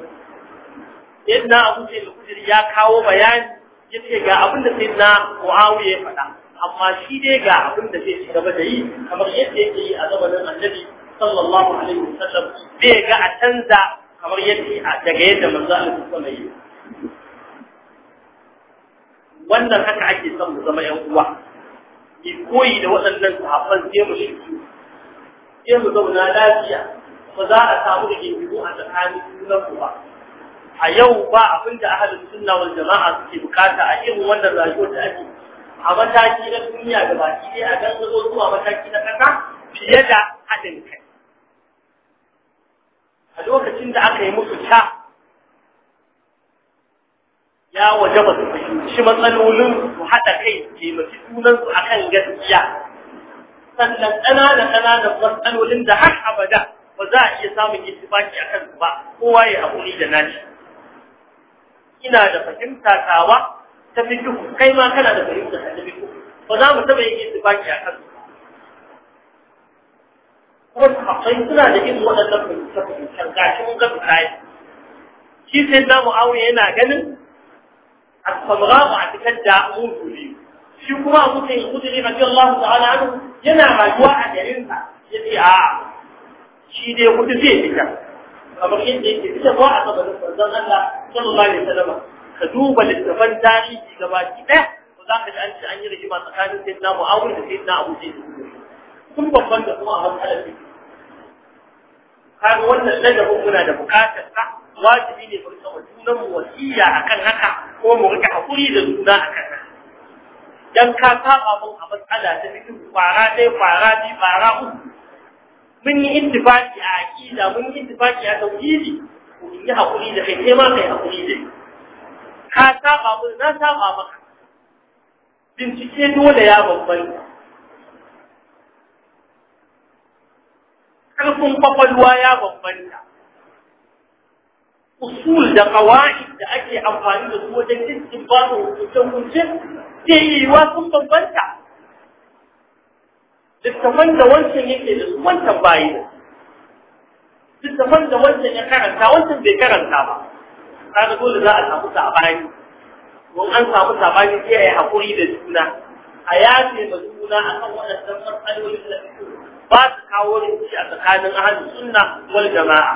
Speaker 2: yadda Abu Sa'id al ya kawo bayani yace ga abin da na Muawiya ya faɗa amma shi dai ga abin da zai ci gaba da yi kamar yadda yake yi a zamanin annabi sallallahu alaihi wasallam zai ga a canza kamar yadda daga yadda manzo Allah sallallahu alaihi wannan haka ake son mu zama yan uwa ki koyi da waɗannan sahabban sai mu shi sai mu zauna lafiya ba za a samu da gidigo a tsakanin sunan ku ba a yau ba abin da ahalin sunna wal jama'a suke bukata a irin wannan rayuwar da ake a mataki na duniya da baki ne a gangaro zuwa mataki na ƙasa fiye da haɗin kai a lokacin da aka yi musu ta ya waje ba su fahimci matsalolin su haɗa kai taimaki junansu a kan gaskiya sannan ƙananan ƙananan matsalolin da har abada ba za a iya samun ittifaki a kansu ba kowa ya haƙuri da nashi ina da fahimta tawa ta fito kai ma kana da fahimtar ta fito ba za mu taɓa yin ittifaki a kansu kuma akwai suna da irin waɗannan fahimtar gashi mun ga misali shi sai na mu'awiya yana ganin asamra ba a fitar da mutu shi kuma a mutum kudiri rabi Allah ta'ala anhu yana rayuwa a garin sa yace a shi dai kudi zai fita kamar yadda yake ba a sabanin da Allah sallallahu alaihi wasallam ka duba littafan tarihi gabaki ɗaya ko za ka ji an ce an yi rigima tsakanin sai na mu'awun da sai na abu ce sun babban da kuma a matsalar ne kaga wannan ladabin muna da buƙatar sa wajibi ne mu rika junan mu wasiya akan haka ko mu rika hakuri da juna akan haka dan ka saba mun a matsala ta biyu kwara ɗaya kwara biyu kwara uku mun yi intifaki a aƙida mun yi intifaki a tauhidi ko in yi haƙuri da kai sai ma kai haƙuri da ka saba mun na saba maka bincike dole ya bambanta ƙarfin kwakwalwa ya bambanta usul da kawai da ake amfani da su wajen cikin ba su hukunce-hukunce ke yi wa sun bambanta littafan da wancan yake da su wancan bayi da littafan da wancan ya karanta wancan bai karanta ba kaga dole za a samu sabani don an samu sabani sai ya hakuri da juna a yafe ma juna akan waɗannan matsalolin da ba su kawo rinci a tsakanin ahlus sunna wal jama'a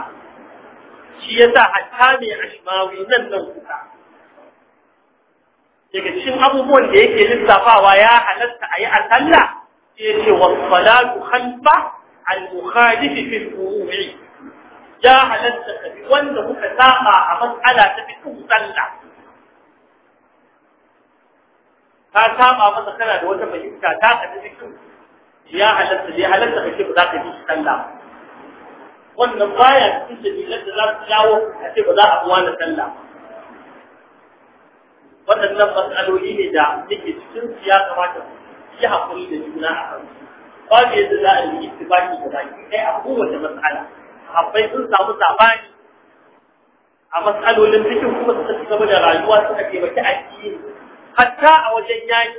Speaker 2: shi yasa hatta mai ashmawi nan nan kuka daga cikin abubuwan da yake lissafawa ya halatta a yi a sallah sai ya ce wasu salatu khalfa al-mukhalifi fi al-furu'i ya halatta ka bi wanda kuka saba a mas'ala ta fiqh sallah ka saba masa kana da wata fahimta ta ka fiqh ya halatta ya halatta ka ce ba za ka bi sallah wannan baya cikin dalilan da za su jawo a ce ba za a buwa da sallah waɗannan matsaloli ne da yake cikin su ya kamata su yi haƙuri da juna a kansu babu yadda za a yi ittifaki da baki ɗaya a kowace matsala sahabbai sun samu sabani a matsalolin cikin kuma suka ci gaba da rayuwa suka taimaki addini hatta a wajen yaki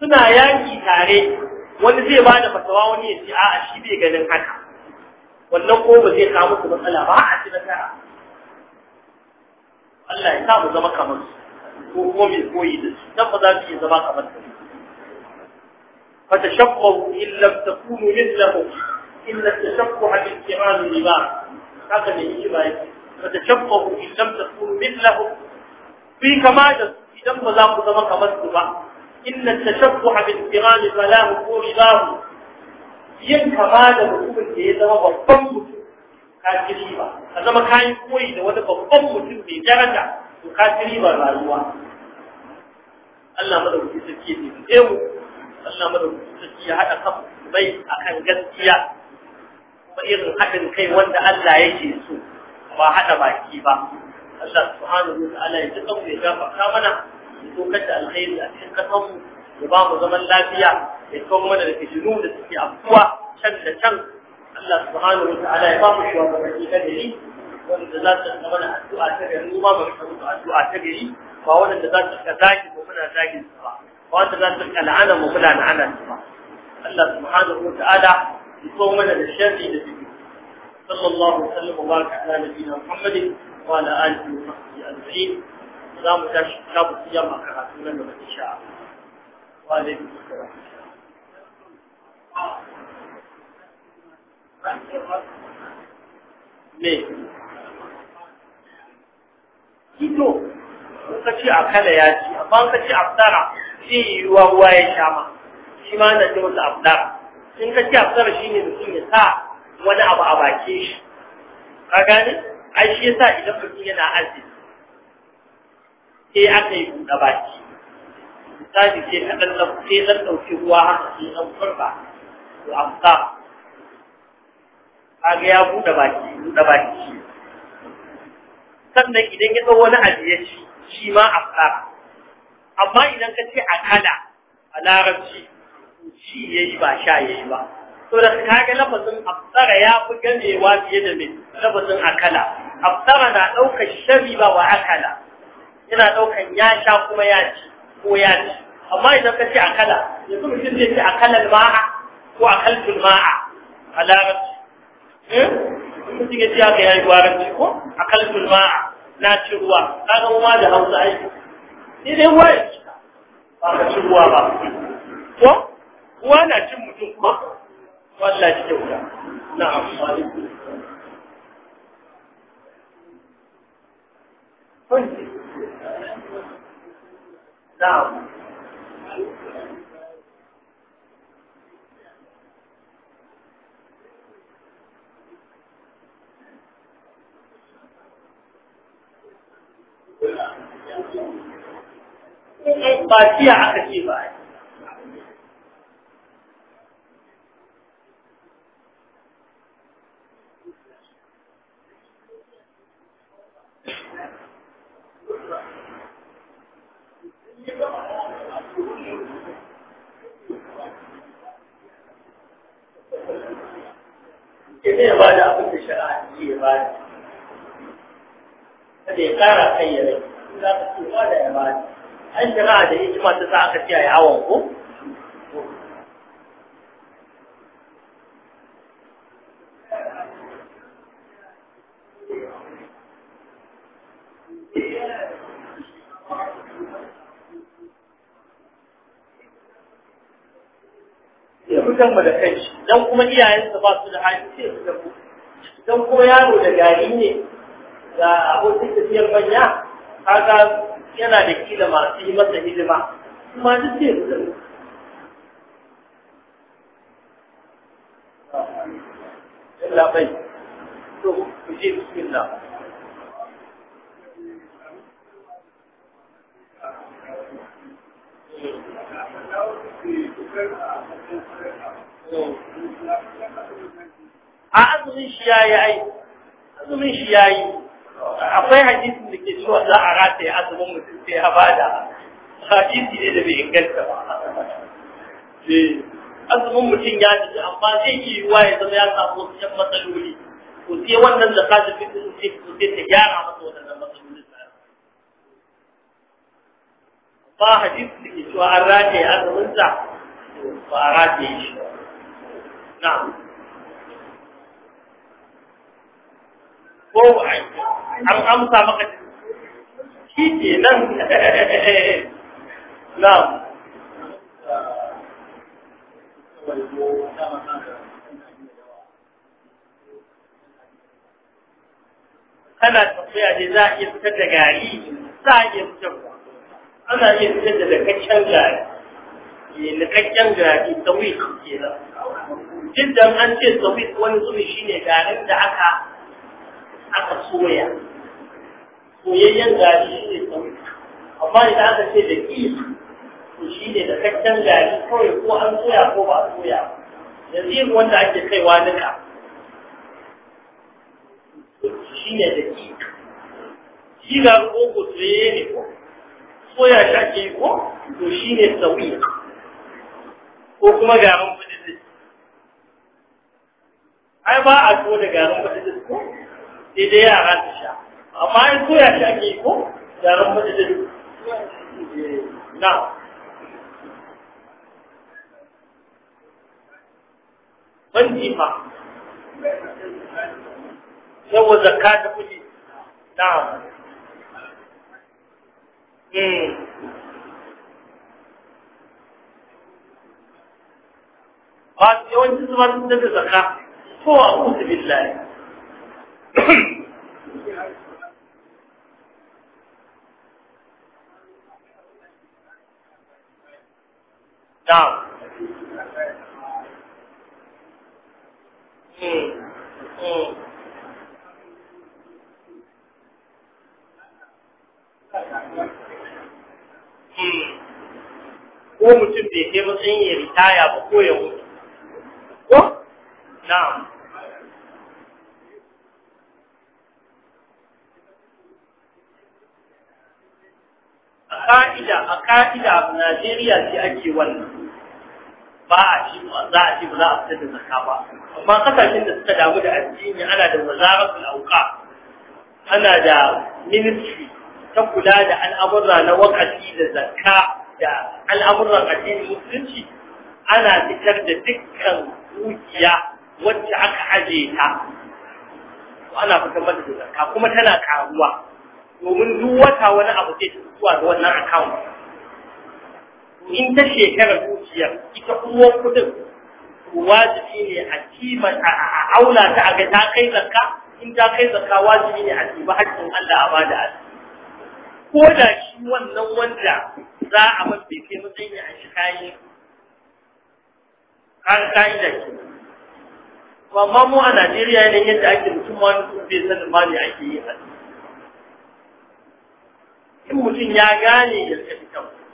Speaker 2: suna yaki tare wani zai ba da fatawa wani ya ce a'a shi bai ganin haka wannan ko ba zai samu su matsala ba a ci nasara Allah ya sa mu zama kamar su ko kuma mai koyi da su dan ba za su iya zama kamar su fa tashabbu in lam takunu mithlahu إن التشبع بالكمال لباع هذا من إجبائي فتشبهوا إن لم تكونوا مثلهم في كمال إذن مذاق زمن كمسك إن التشبع بالكمال فلاه هو رباه yin da mutumin da ya zama babban mutum kafiri ba a zama kayan koyi da wani babban mutum mai daraja to kafiri ba rayuwa Allah madaukakin sarki ya mu Allah madaukakin sarki ya haɗa kan bai akan gaskiya ba irin haɗin kai wanda Allah yake so ba haɗa baki ba Allah subhanahu wa ta'ala ya tuka mu ya gafarta mana ya tokar da alkhairi a cikin kasan mu ya ba mu zaman lafiya ya kawo mana da fitinu da suke afuwa can da can Allah subhanahu wa ta'ala ya ba mu shugabanni na gari wanda za su zama da addu'a ta gari mu ba mu rubuta addu'a ta gari ba wanda za su ka zagi mu muna zagin su ba wanda za su ka la'ana mu muna la'ana su ba Allah subhanahu wa ta'ala يصوم لنا صلى الله وسلم وبارك على نبينا محمد وعلى آله وصحبه أجمعين لا متاش كتاب الصيام أقرأته لنا إن شاء وعليكم السلام ليه kito ka ce a kala ya ci amma ka ce abdara shi yiwuwa ruwa ya in ka ji hafsara shi ne mutum ya sa wani abu a bakin shi ka gani ai shi yasa idan mutum yana azumi sai aka yi buɗe baki misali sai ka ɗan sai ɗan ɗauki ruwa haka sai ɗan kurba to amsa ga ya buɗe baki buɗe baki sannan idan ya ɗau wani abu ya ci shi ma amsa amma idan ka ce akala a larabci shi yi ba sha yi ba to da kaga lafazin absara ya fi ganewa fiye da mai lafazin akala absara na ɗaukar shari ba wa akala yana ɗaukar ya sha kuma ya ci ko ya ci amma idan ka ce akala yanzu mutum zai ce akalar ma'a ko akaltul ma'a a larabci eh mutum ya ce haka yayi gwaranci ko akaltul ma'a na ci ruwa Na mu ma da Hausa aiki Ni dai ruwa ya ci ba ka ci ruwa ba ko uwa na cin mutum ba wallahi ji kyauta na amfani na'am ba tiya aka ce ba aka ce awon ko da dan kuma iyayensa ba su da hali sai su dan kuma yaro da gari ne ga abokin tafiyar manya kaga yana da kila masu yi masa hidima zai to ku
Speaker 1: bismillah
Speaker 2: a azumin shi ya yi, azumin shi yi, akwai hadisin da ke cewa za a rataye azumin mutum sai ya bada hadisi ne da bai inganta ba eh, azumin mutum ya ci amma zai yi yiwuwa ya zama ya samu wasu yan matsaloli ko sai wannan da sa tafi da sai ko sai ta gyara masa wannan matsalolin sa ba hadisi da ke cewa an rataye azumin sa ba a rataye shi na ko an amsa maka shi ke nan *laughs* na'am kana tafiya da za a iya fitar da gari za a iya fitar da ana iya fitar da dakaccen gari eh, ne dakaccen gari tawik kenan duk da an ce tawik wani shi ne garin da aka aka soya soyayyen gari shi ne tawik amma idan aka ce da kiyi to shi ne da kakkan gari kawai ko an soya ko ba a soya yanzu zai wanda ake kaiwa nika shi ne da ki shi ga koko tsaye ne ko soya shi ake yi ko to shi ne sauyi ko kuma garin fadidis ai ba a so da garin fadidis ko sai yara su sha amma in soya shi ake yi ko garin fadidis na ban jifa yawa zakka ta kuɗi na'am eh ba yawanci su ma sun daga zakka ko a kusa billahi
Speaker 1: Now. Ko mutum
Speaker 2: bai kai matsayin ya ritaya ba ko ya mutu. Ko? Na. A ka'ida, a ka'ida a Najeriya ce ake wannan. ba a ci za a ci ba za a fitar da zakka ba amma kasashen da suka damu da addini ana da wazaratul auqa ana da ministry ta kula da al'amuran na wakati da zakka da al'amuran addini musulunci ana fitar da dukkan dukiya wacce aka aje ta ana fitar mata da zakka kuma tana karuwa domin duk wata wani abu zai zuwa ga wannan account in ta shekarar dukiyar ita uwar kudin wajibi ne a kima a aula ta a ga ta kai zakka in ta kai zakka wajibi ne a tiba hakkin Allah a bada aski ko da shi wannan wanda za a mafi kai matsayin ya shi kayi an kayi da ke amma mu a Najeriya ne yadda ake mutum wani kuma bai sanin ma ne ake yi in mutum ya gane ya tafi kawai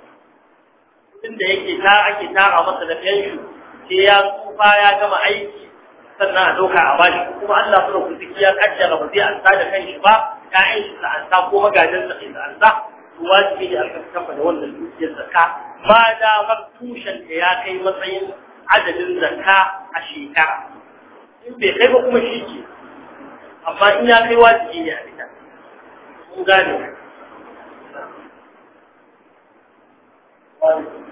Speaker 2: tunda da yake ta ake tara masa da fenshi ke ya tsufa ya gama aiki sannan a ɗauka a bashi kuma Allah sura ku ya kaddara ba zai ansa da kanshi ba ƴaƴan shi an sa ko magajin da su sa to wajibi ne aka kafa da wannan dukiyar zakka ma damar tushen da ya kai matsayin adadin zakka a shekara in bai kai ba kuma shi ke amma in ya kai wajibi ne a fita mun gane Thank you.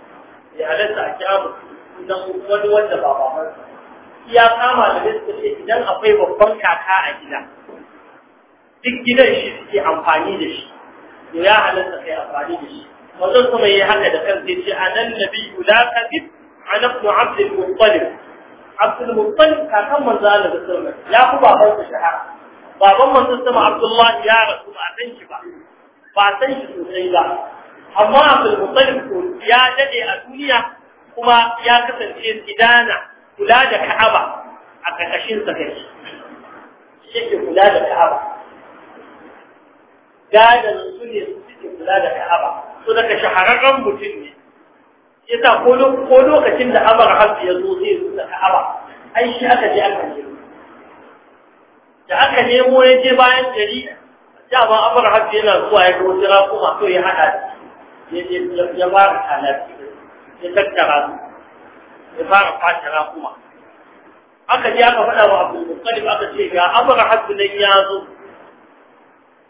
Speaker 2: ya halatta a kira mutum dan wani wanda ba babansa ya kama da gaske ce idan akwai babban kaka a gida duk gidan shi suke amfani da shi to ya halatta kai amfani da shi wannan kuma yi haka da kan sai ce anan nabiyyu la kadib ana ibn abd al-muttalib abd al-muttalib kakan manzo Allah da sunna ya ku baban ku shahara baban manzo sama abdullahi ya rasu ba san shi ba ba san shi sosai ba amma Abdul Muttalib ko ya dade a duniya kuma ya kasance gidana kula da Ka'aba a kakashin sa kai shi kula da Ka'aba gadan su ne su suke kula da Ka'aba Su daga shahararren mutum ne yasa ko lokacin da Amar Hafs ya zo zai rusa Ka'aba ai shi aka je aka je da aka nemo ya je bayan gari dama Amar Hafs yana zuwa ya ga wasu raƙuma to ya hada ya fara talar ya tattara su ya fara fatara kuma aka ji aka faɗa wa abu muttalib aka ce ga abra hadu nan ya zo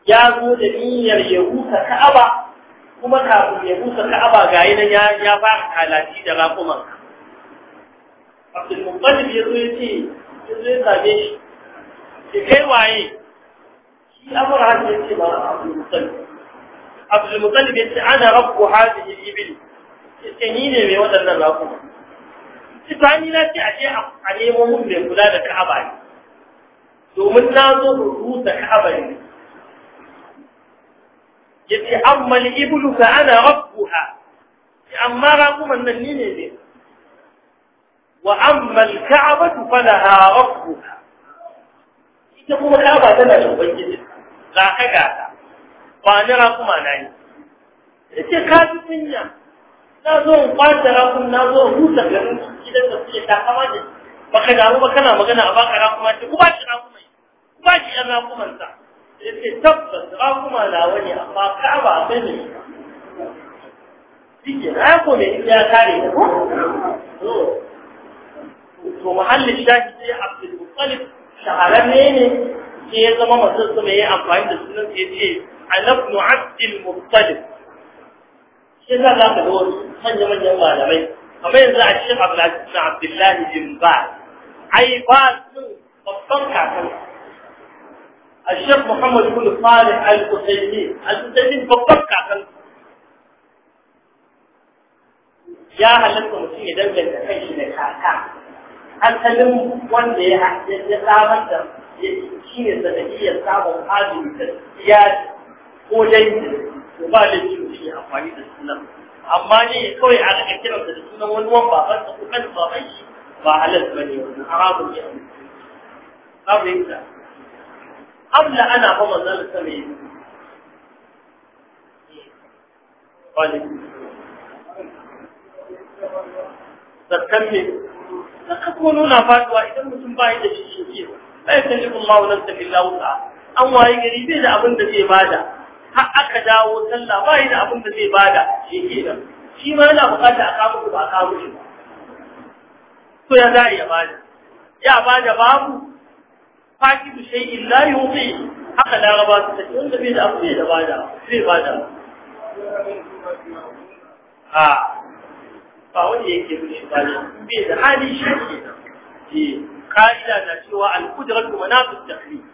Speaker 2: ya zo da niyyar ya rusa ka'aba kuma kafin ya rusa ka'aba ga yi nan ya fara talaci da raƙuman abdul muttalib ya zo ya ce ya zo ya same shi ya kai waye shi abra hadu ya ce ba abdul muttalib ya ce ana عبد المطلب ibil ce ni ne mai يتنيني من وزن ta ni na ce a ce a nemo mun mai kula da Ka'aba ne, domin na zo rusa Ka'aba ne. Ya ce, amma ibulu ka ana rabbuha, amma raƙuman nan ni ne ne. Wa amma Ka'aba tu falaha rabbuha.
Speaker 1: Ita kuma Ka'aba
Speaker 2: tana da ubangiji, za ka gata. kwani rakuma na ne da ce ka kunya na zo in kwace rakun na zo in rusa garin gidan da suke kama da baka damu ba kana magana a baka rakuma ce ku ba shi rakuma ku ba shi yan rakumansa da ce tabbas rakuma na wani amma ka'aba akwai ne shi Dike, na ko mai ya kare da ko to mahallin shafi sai abdul muttalib shahararre ne ya zama masu su mai amfani da sunan sai ce أنا ابن عبد المطلب شنو هذا لا من من يما لمي أما ينزع الشيخ عبد العزيز بن عبد الله بن باز أي باز من بطنك الشيخ محمد بن صالح الحسيني الحسيني بطنك ya halatta mutum ya danganta kai shi da kaka asalin wanda ya ya samar da shi ne sanadiyyar samun hajji da ya ko dai, ko ba da shi shi amfani da sunan amma ne kawai a ga kira da sunan wani wan baban da ko kan baban shi ba halal bane wannan haramun ne abu yinka abla ana ba manzon sallallahu alaihi zakkan ne ka ko nuna faduwa idan mutum ba da shi shi ke la yakallifu Allahu ta illa wuta an waye gari bai da abin da zai bada har aka dawo sallah ba yi da abin da zai bada shi ke da shi ma yana bukata a kawo ba a kawo shi ba to ya za ya bada ya bada babu fakidu shay'in la yuqi haka laraba su take wanda bai da abu da bada zai bada a ba wanda yake mishi bane bai da hali shi ke da eh, ka'ida na cewa al-qudratu manaqib taklif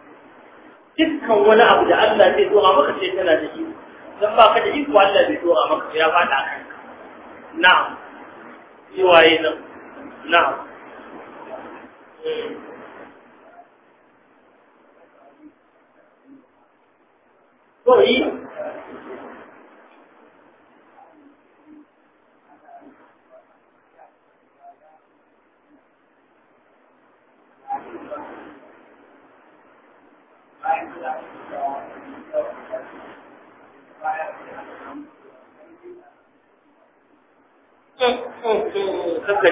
Speaker 2: dukkan wani abu da Allah zai dora maka sai tana da shi dan ba ka da iko Allah zai dora maka ya fada ka na'am yiwaye nan na'am
Speaker 1: hmm. to yi Kanka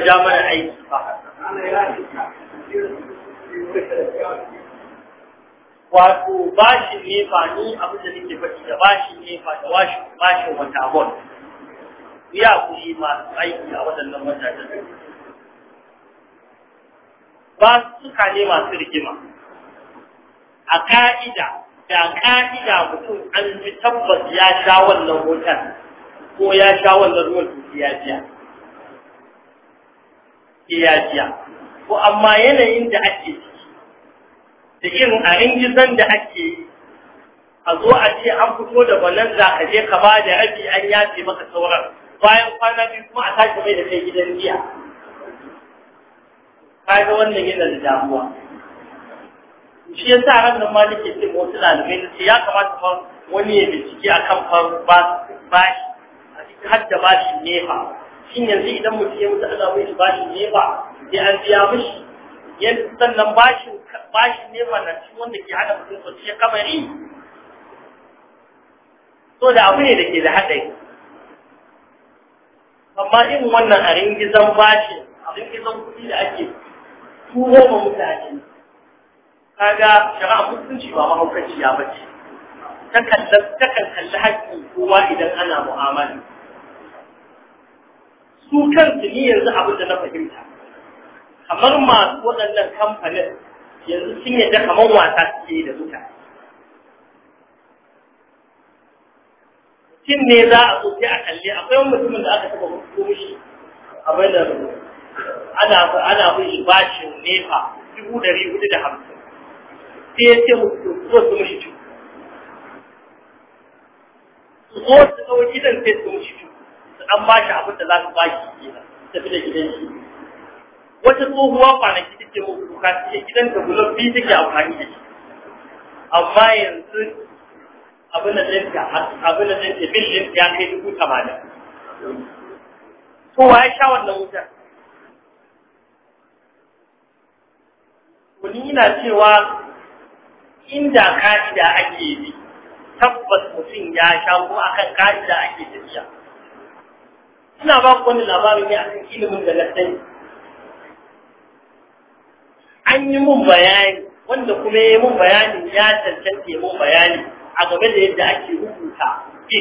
Speaker 1: ja mana aiki ba.
Speaker 2: Wato bashin nefa ni abin da nake faɗi da bashin nefa da bashin wata abon, Ya kuri masu aiki a waɗannan wajajen. Ba suka ne masu rigima. a ka'ida da ka'ida mutum an ji tabbas ya sha wannan wutar ko ya sha wannan ruwan ya jiya ya jiya ko amma yanayin da ake ciki da irin a ingizan da ake yi a zo a ce an fito da banan za ka je ka ba da rabi an yafe maka sauran bayan kwana biyu kuma a tashi mai da kai gidan jiya kaga wannan yana da damuwa shi yasa ran nan ma nake ce wasu ɗalibai na ce ya kamata fa wani ya bincike akan fa ba bashi a cikin har da bashin nefa shin yanzu idan mutum ya mutu ana mai bashin nefa sai an biya mishi shi sannan bashin ne nefa na cikin wanda ke hada mutum kwanciyar kabari so da abu ne da ke da haɗari amma in wannan a ringizan bashin a ringizan kuɗi da ake turo ma mutane kaga shari'a mutunci ba mahaukaci ya bace takan kalli haƙƙin kowa idan ana mu'amala su kan ni yanzu abu da na fahimta kamar masu waɗannan kamfanin yanzu sun yadda kamar wasa suke da mutane shin ne za a soke a kalli akwai wani mutumin da aka taba hukuku mishi a da ana ana shi bashin nefa dubu dari hudu da hamsin sai ya ce musu zo su mishi cu su zo su ɗau gidan sai su mishi cu su ɗan ba shi abin da za su ba shi ta fi da gidan shi wata tsohuwa kwanaki take mu kuka ce gidan da gulon biyu take amfani da shi amma yanzu abin da ɗinka abin da ɗinka bil ɗinka ya kai dubu tamanin kowa ya sha wannan wutar wani yana cewa inda ka'ida ake bi tabbas mutum ya sha akan ka'ida ake tafiya ina ba ku wani labarin ne akan ilimin da na an yi mun bayani wanda kuma ya mun bayani ya cancanta mun bayani a game da yadda ake rubuta bi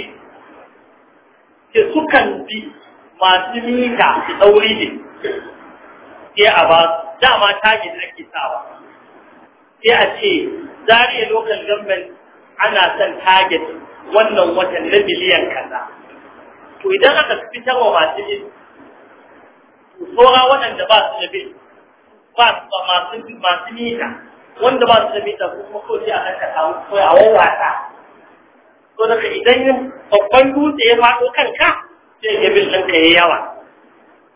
Speaker 2: ke sukan bi masu mita da tsauri ne ke a ba dama tagin ake sawa sai a ce iya local government ana son target wannan watan na miliyan kaza to idan aka fitar wa masu to tsora waɗanda ba su da bil ba su ba masu masu mita wanda ba su da mita ko kuma kawai a kan a kawai a wawata to daga idan babban dutse ya faɗo kanka sai ya bil ɗinka ya yawa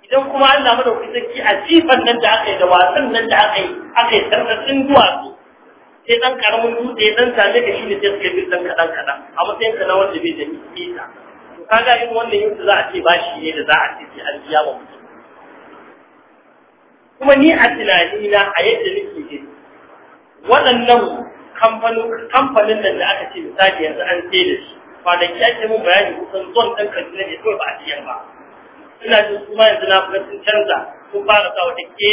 Speaker 2: idan kuma Allah madaukakin sarki a jifan nan da aka yi da wasan nan da aka yi aka yi tarnatsin duwatsu sai dan karamin dutse dan same ka ne sai kai bi dan kadan kadan a matsayin ka na wanda bai da mita to kaga in wannan yin za a ce ba shi ne da za a ce sai an biya wa mutum kuma ni a tunani na a yadda nake ji waɗannan kamfanin nan da aka ce misali yanzu an sai da shi da ki ake mun bayani kusan zon ɗan kaduna ne kawai ba a siyar ba ina jin kuma yanzu na fara sun canza sun fara sa wata ke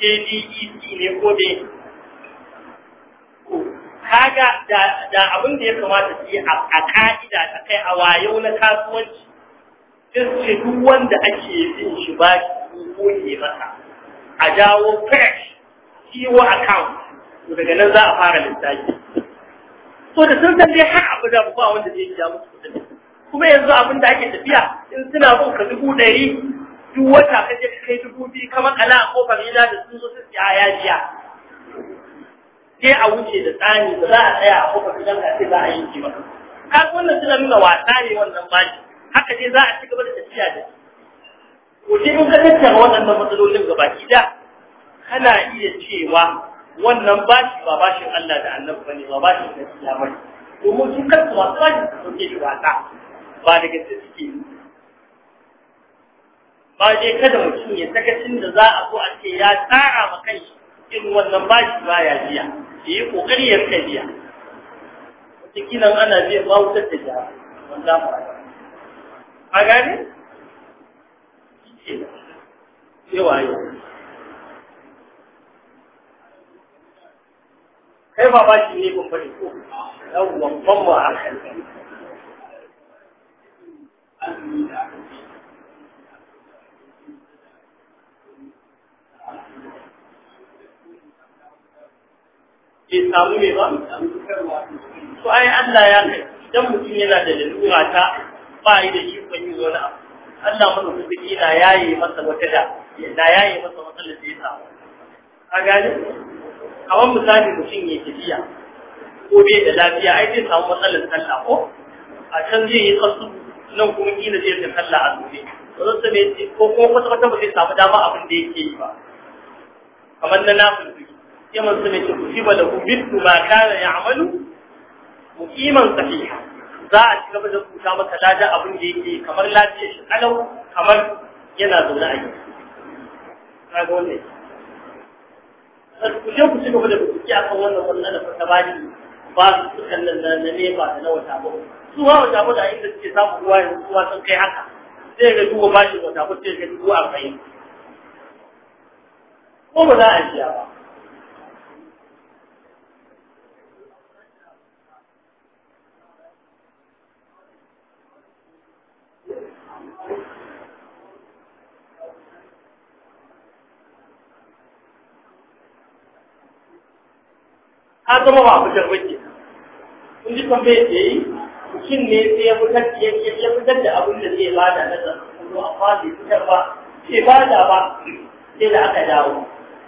Speaker 2: KDEC ne ko dai kaga da abin da ya kamata su yi a ka'ida ta kai a wayo na kasuwanci duk ce duk wanda ake bin shi ba shi ko ne masa a jawo fresh kiwo e account to daga nan za a fara lissafi to da sun san dai har abu da ba wanda zai ja musu kuɗi? kuma yanzu abin da ake tafiya in suna bin ka dubu ɗari duk wata ka kai dubu biyu kama kala ko kofar da sun zo su siya ya jiya sai a wuce da tsani ba za a tsaya a kofar gidan ka sai za a yanke maka ka wannan suna nuna wasa ne wannan bashi. haka dai za a ci gaba da tafiya da ko dai in ka tattara waɗannan matsalolin gaba da kana iya cewa wannan bashi ba bashin Allah da Annabi bane ba bashin gaskiya bane domin su kansu masu bashin su sauke shi wasa ba da gaske suke yi ba dai kada mutum ya sakacin da za a zo a ce ya tsara ma kanshi in wannan bashi baya biya yi kokari ya jiya? biya wataƙila ana zai ba wutar da jiha wanda ba a gane yawa yau kai ba ba? bashi ne ban bari ko yawon ban ba a kan bai samu mai ba to ai Allah ya kai idan mutum yana da lalura ta ba yi da ikon yin wani abu Allah mana kuma na yaye masa wata da na yaye masa wata da ya samu a gani kamar misali mutum ya tafiya ko bai da lafiya ai zai samu matsalar sallah ko a can zai yi kasu nan kuma kila zai da sallah a zuwa ba zai ko kuma kwata-kwata ba zai samu dama abin da yake yi ba kamar na nafin zuwa yaman su ne ke kusiba da kubitu ma kana ya amalu mukiman sahiha za a ci gaba da kuta maka lada abin da yake kamar lafiyar shi alau kamar yana zaune a gida kaga wannan ku je ku ci gaba da kuki akan wannan wannan da ta bani ba su kan nan na ne da na wata ba su ha wata ba da inda suke samun ruwa yanzu ruwa sun kai haka sai ga duwa bashi wata ba sai ga duwa a kai ko ba za a ciya ba ta zama ba fitar wake kun ji kan bai yi mutum ne sai ya fitar ya fitar da abin da zai bada na zan kuma amma bai fitar ba bai bada ba sai da aka dawo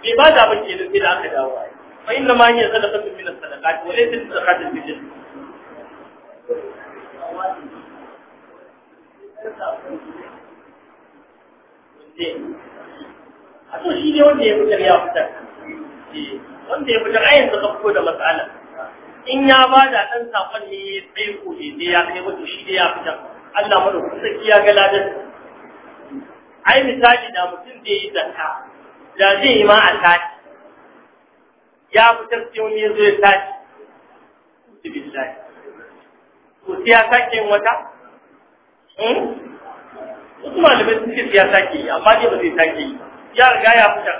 Speaker 2: bai bada ba ke sai da aka dawo fa inna ma hiya sadaqatun min as-sadaqat wa laysa sadaqatun min al a to shi ne wanda ya fitar ya fitar eh. wanda ya fitar ayin da fito da matsala in ya ba da ɗan saƙon ne ya tsaye ko ne sai ya kai wato shi ne ya fitar Allah mana kusa ya ga ladan ai misali da mutum zai yi zakka da zai yi ma a tashi ya fitar sai wani ya zo ya tashi billahi to siyasa ke wata hmm kuma da ya siyasa ke amma dai ba zai sake ya riga ya fitar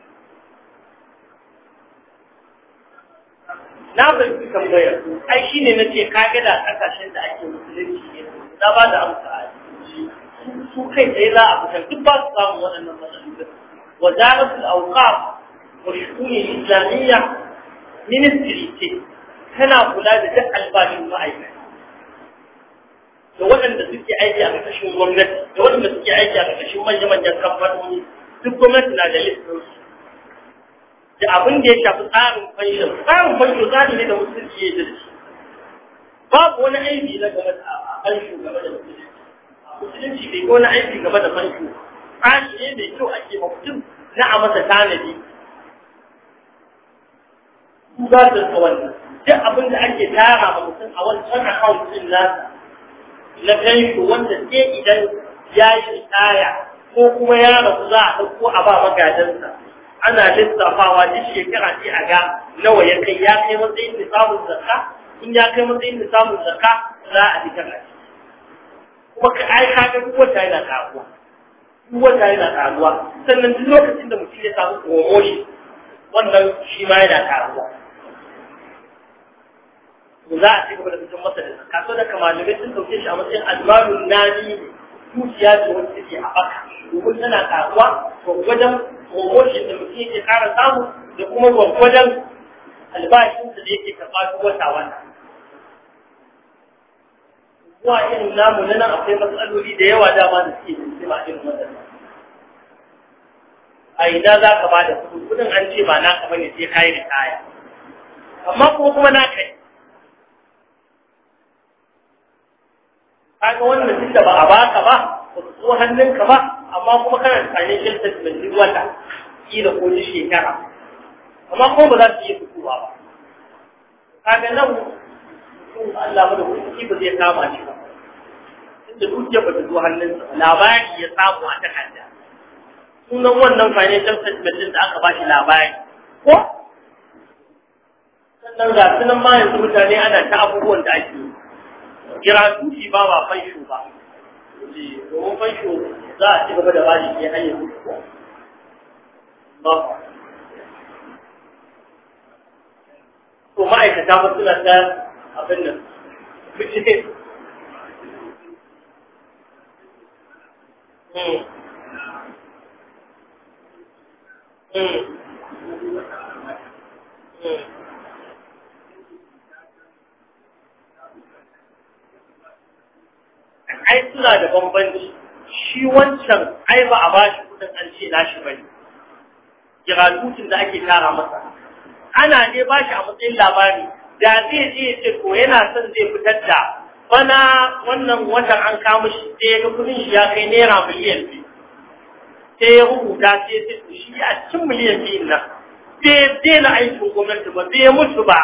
Speaker 2: na fahimci tambaya ai shi ne na ce kage da kasashen da ake musulunci ne na ba da amsa a su kai tsaye za a fitar duk ba su samu waɗannan matsalolin wazarat al-awqaf wa shu'un islamiyya ministry ce tana kula da duk albashin ma'aikata da waɗanda suke aiki a ƙarƙashin gwamnati da waɗanda suke aiki a ƙarƙashin manya-manyan kamfanoni duk gwamnati na da listinsu da abin da ya shafi tsarin fanshin tsarin fanshin tsari ne da musulunci ya jirgi babu wani aiki na gaba da fanshin game da musulunci musulunci bai ko na aiki game da fanshin tsari ne mai kyau ake ma mutum na a masa tanadi su ba su rika wannan duk abin da ake tara ma mutum a wancan account din nasa na fanshin wanda sai idan ya yi ritaya ko kuma ya rasu za a ɗauko a ba magadansa ana lissafawa duk shekara sai a ga nawa ya kai ya kai matsayin da samun zarka in ya kai matsayin da samun zarka za a fitar da shi kuma ka ai ka ga duk wata yana karuwa duk wata yana karuwa sannan duk lokacin da mutum ya samu promotion wannan shi ma yana karuwa za a ci gaba da fitar masa da zarka so da kamalimai sun dauke shi a matsayin almanun nani dukiya ce wacce take a baka domin tana karuwa to wajen promotion da mutum yake ƙara samu da kuma gwaggwajen albashinsa da yake karɓa duk wata wata zuwa irin namu na nan akwai matsaloli da yawa dama da suke sistema irin waɗannan a ina za ka ba da kuɗi kudin an ce ba naka bane sai kayi da kaya amma kuma kuma naka ne kaga wannan duk da ba a baka ba ba su zo hannunka ba amma kuma kana da financial statement duk wata da ko duk shekara amma kuma ba za su yi fitowa ba kaga nan mutum Allah mu da wani ba zai kama shi ba tunda dukiya ba ta zo hannunsa labari ya samu a takarda sunan wannan financial statement din da aka ba shi labari ko sannan ga sunan ma yanzu mutane ana ta abubuwan da ake yi kira tushi ba ba fanshi ba domin za a ci gaba da ba shi hanyar yanzu ba Ko ma'aikata ba suna ta abin nan *laughs*
Speaker 1: Hmm. Hmm. Hmm. hmm.
Speaker 2: ai suna da bambanci shi wancan ai ba a ba shi kudin an ce nashi ba ne jiralutun da ake tara masa ana ne ba shi a matsayin labari da zai je ya ce ko yana son zai fitar da bana wannan watan an kama shi sai ya ga kudin shi ya kai naira miliyan biyu sai ya rubuta sai ya ce shi a cikin miliyan biyun nan bai daina aikin gwamnati ba bai mutu ba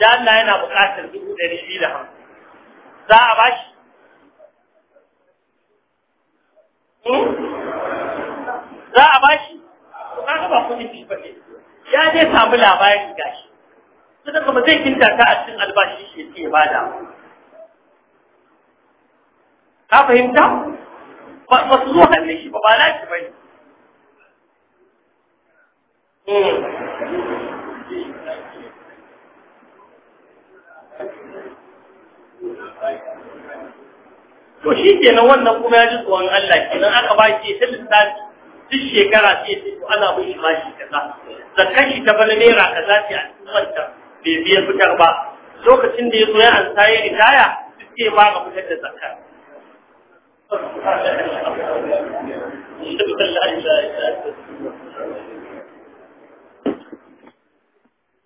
Speaker 2: da Allah yana buƙatar dubu ɗari biyu da hamsin za a ba shi za a ba shi ba kudin shi ba ne ya je samu labari gashi sai kuma zai kinta ta a cikin albashi shi ke da ka fahimta ba su zo hannun shi ba ba na shi ba ne
Speaker 1: hmm.
Speaker 2: to shi kenan wannan kuma ya ji tsoron Allah kenan aka ba shi ta lissafi duk shekara sai ce ana mun bashi shi kaza zakkan shi ta bana naira kaza ce a cikin wancan bai biya fitar ba lokacin da ya zo ya ansa ya ritaya ke ba ga fitar da zakkar
Speaker 1: Thank *laughs* *laughs* you.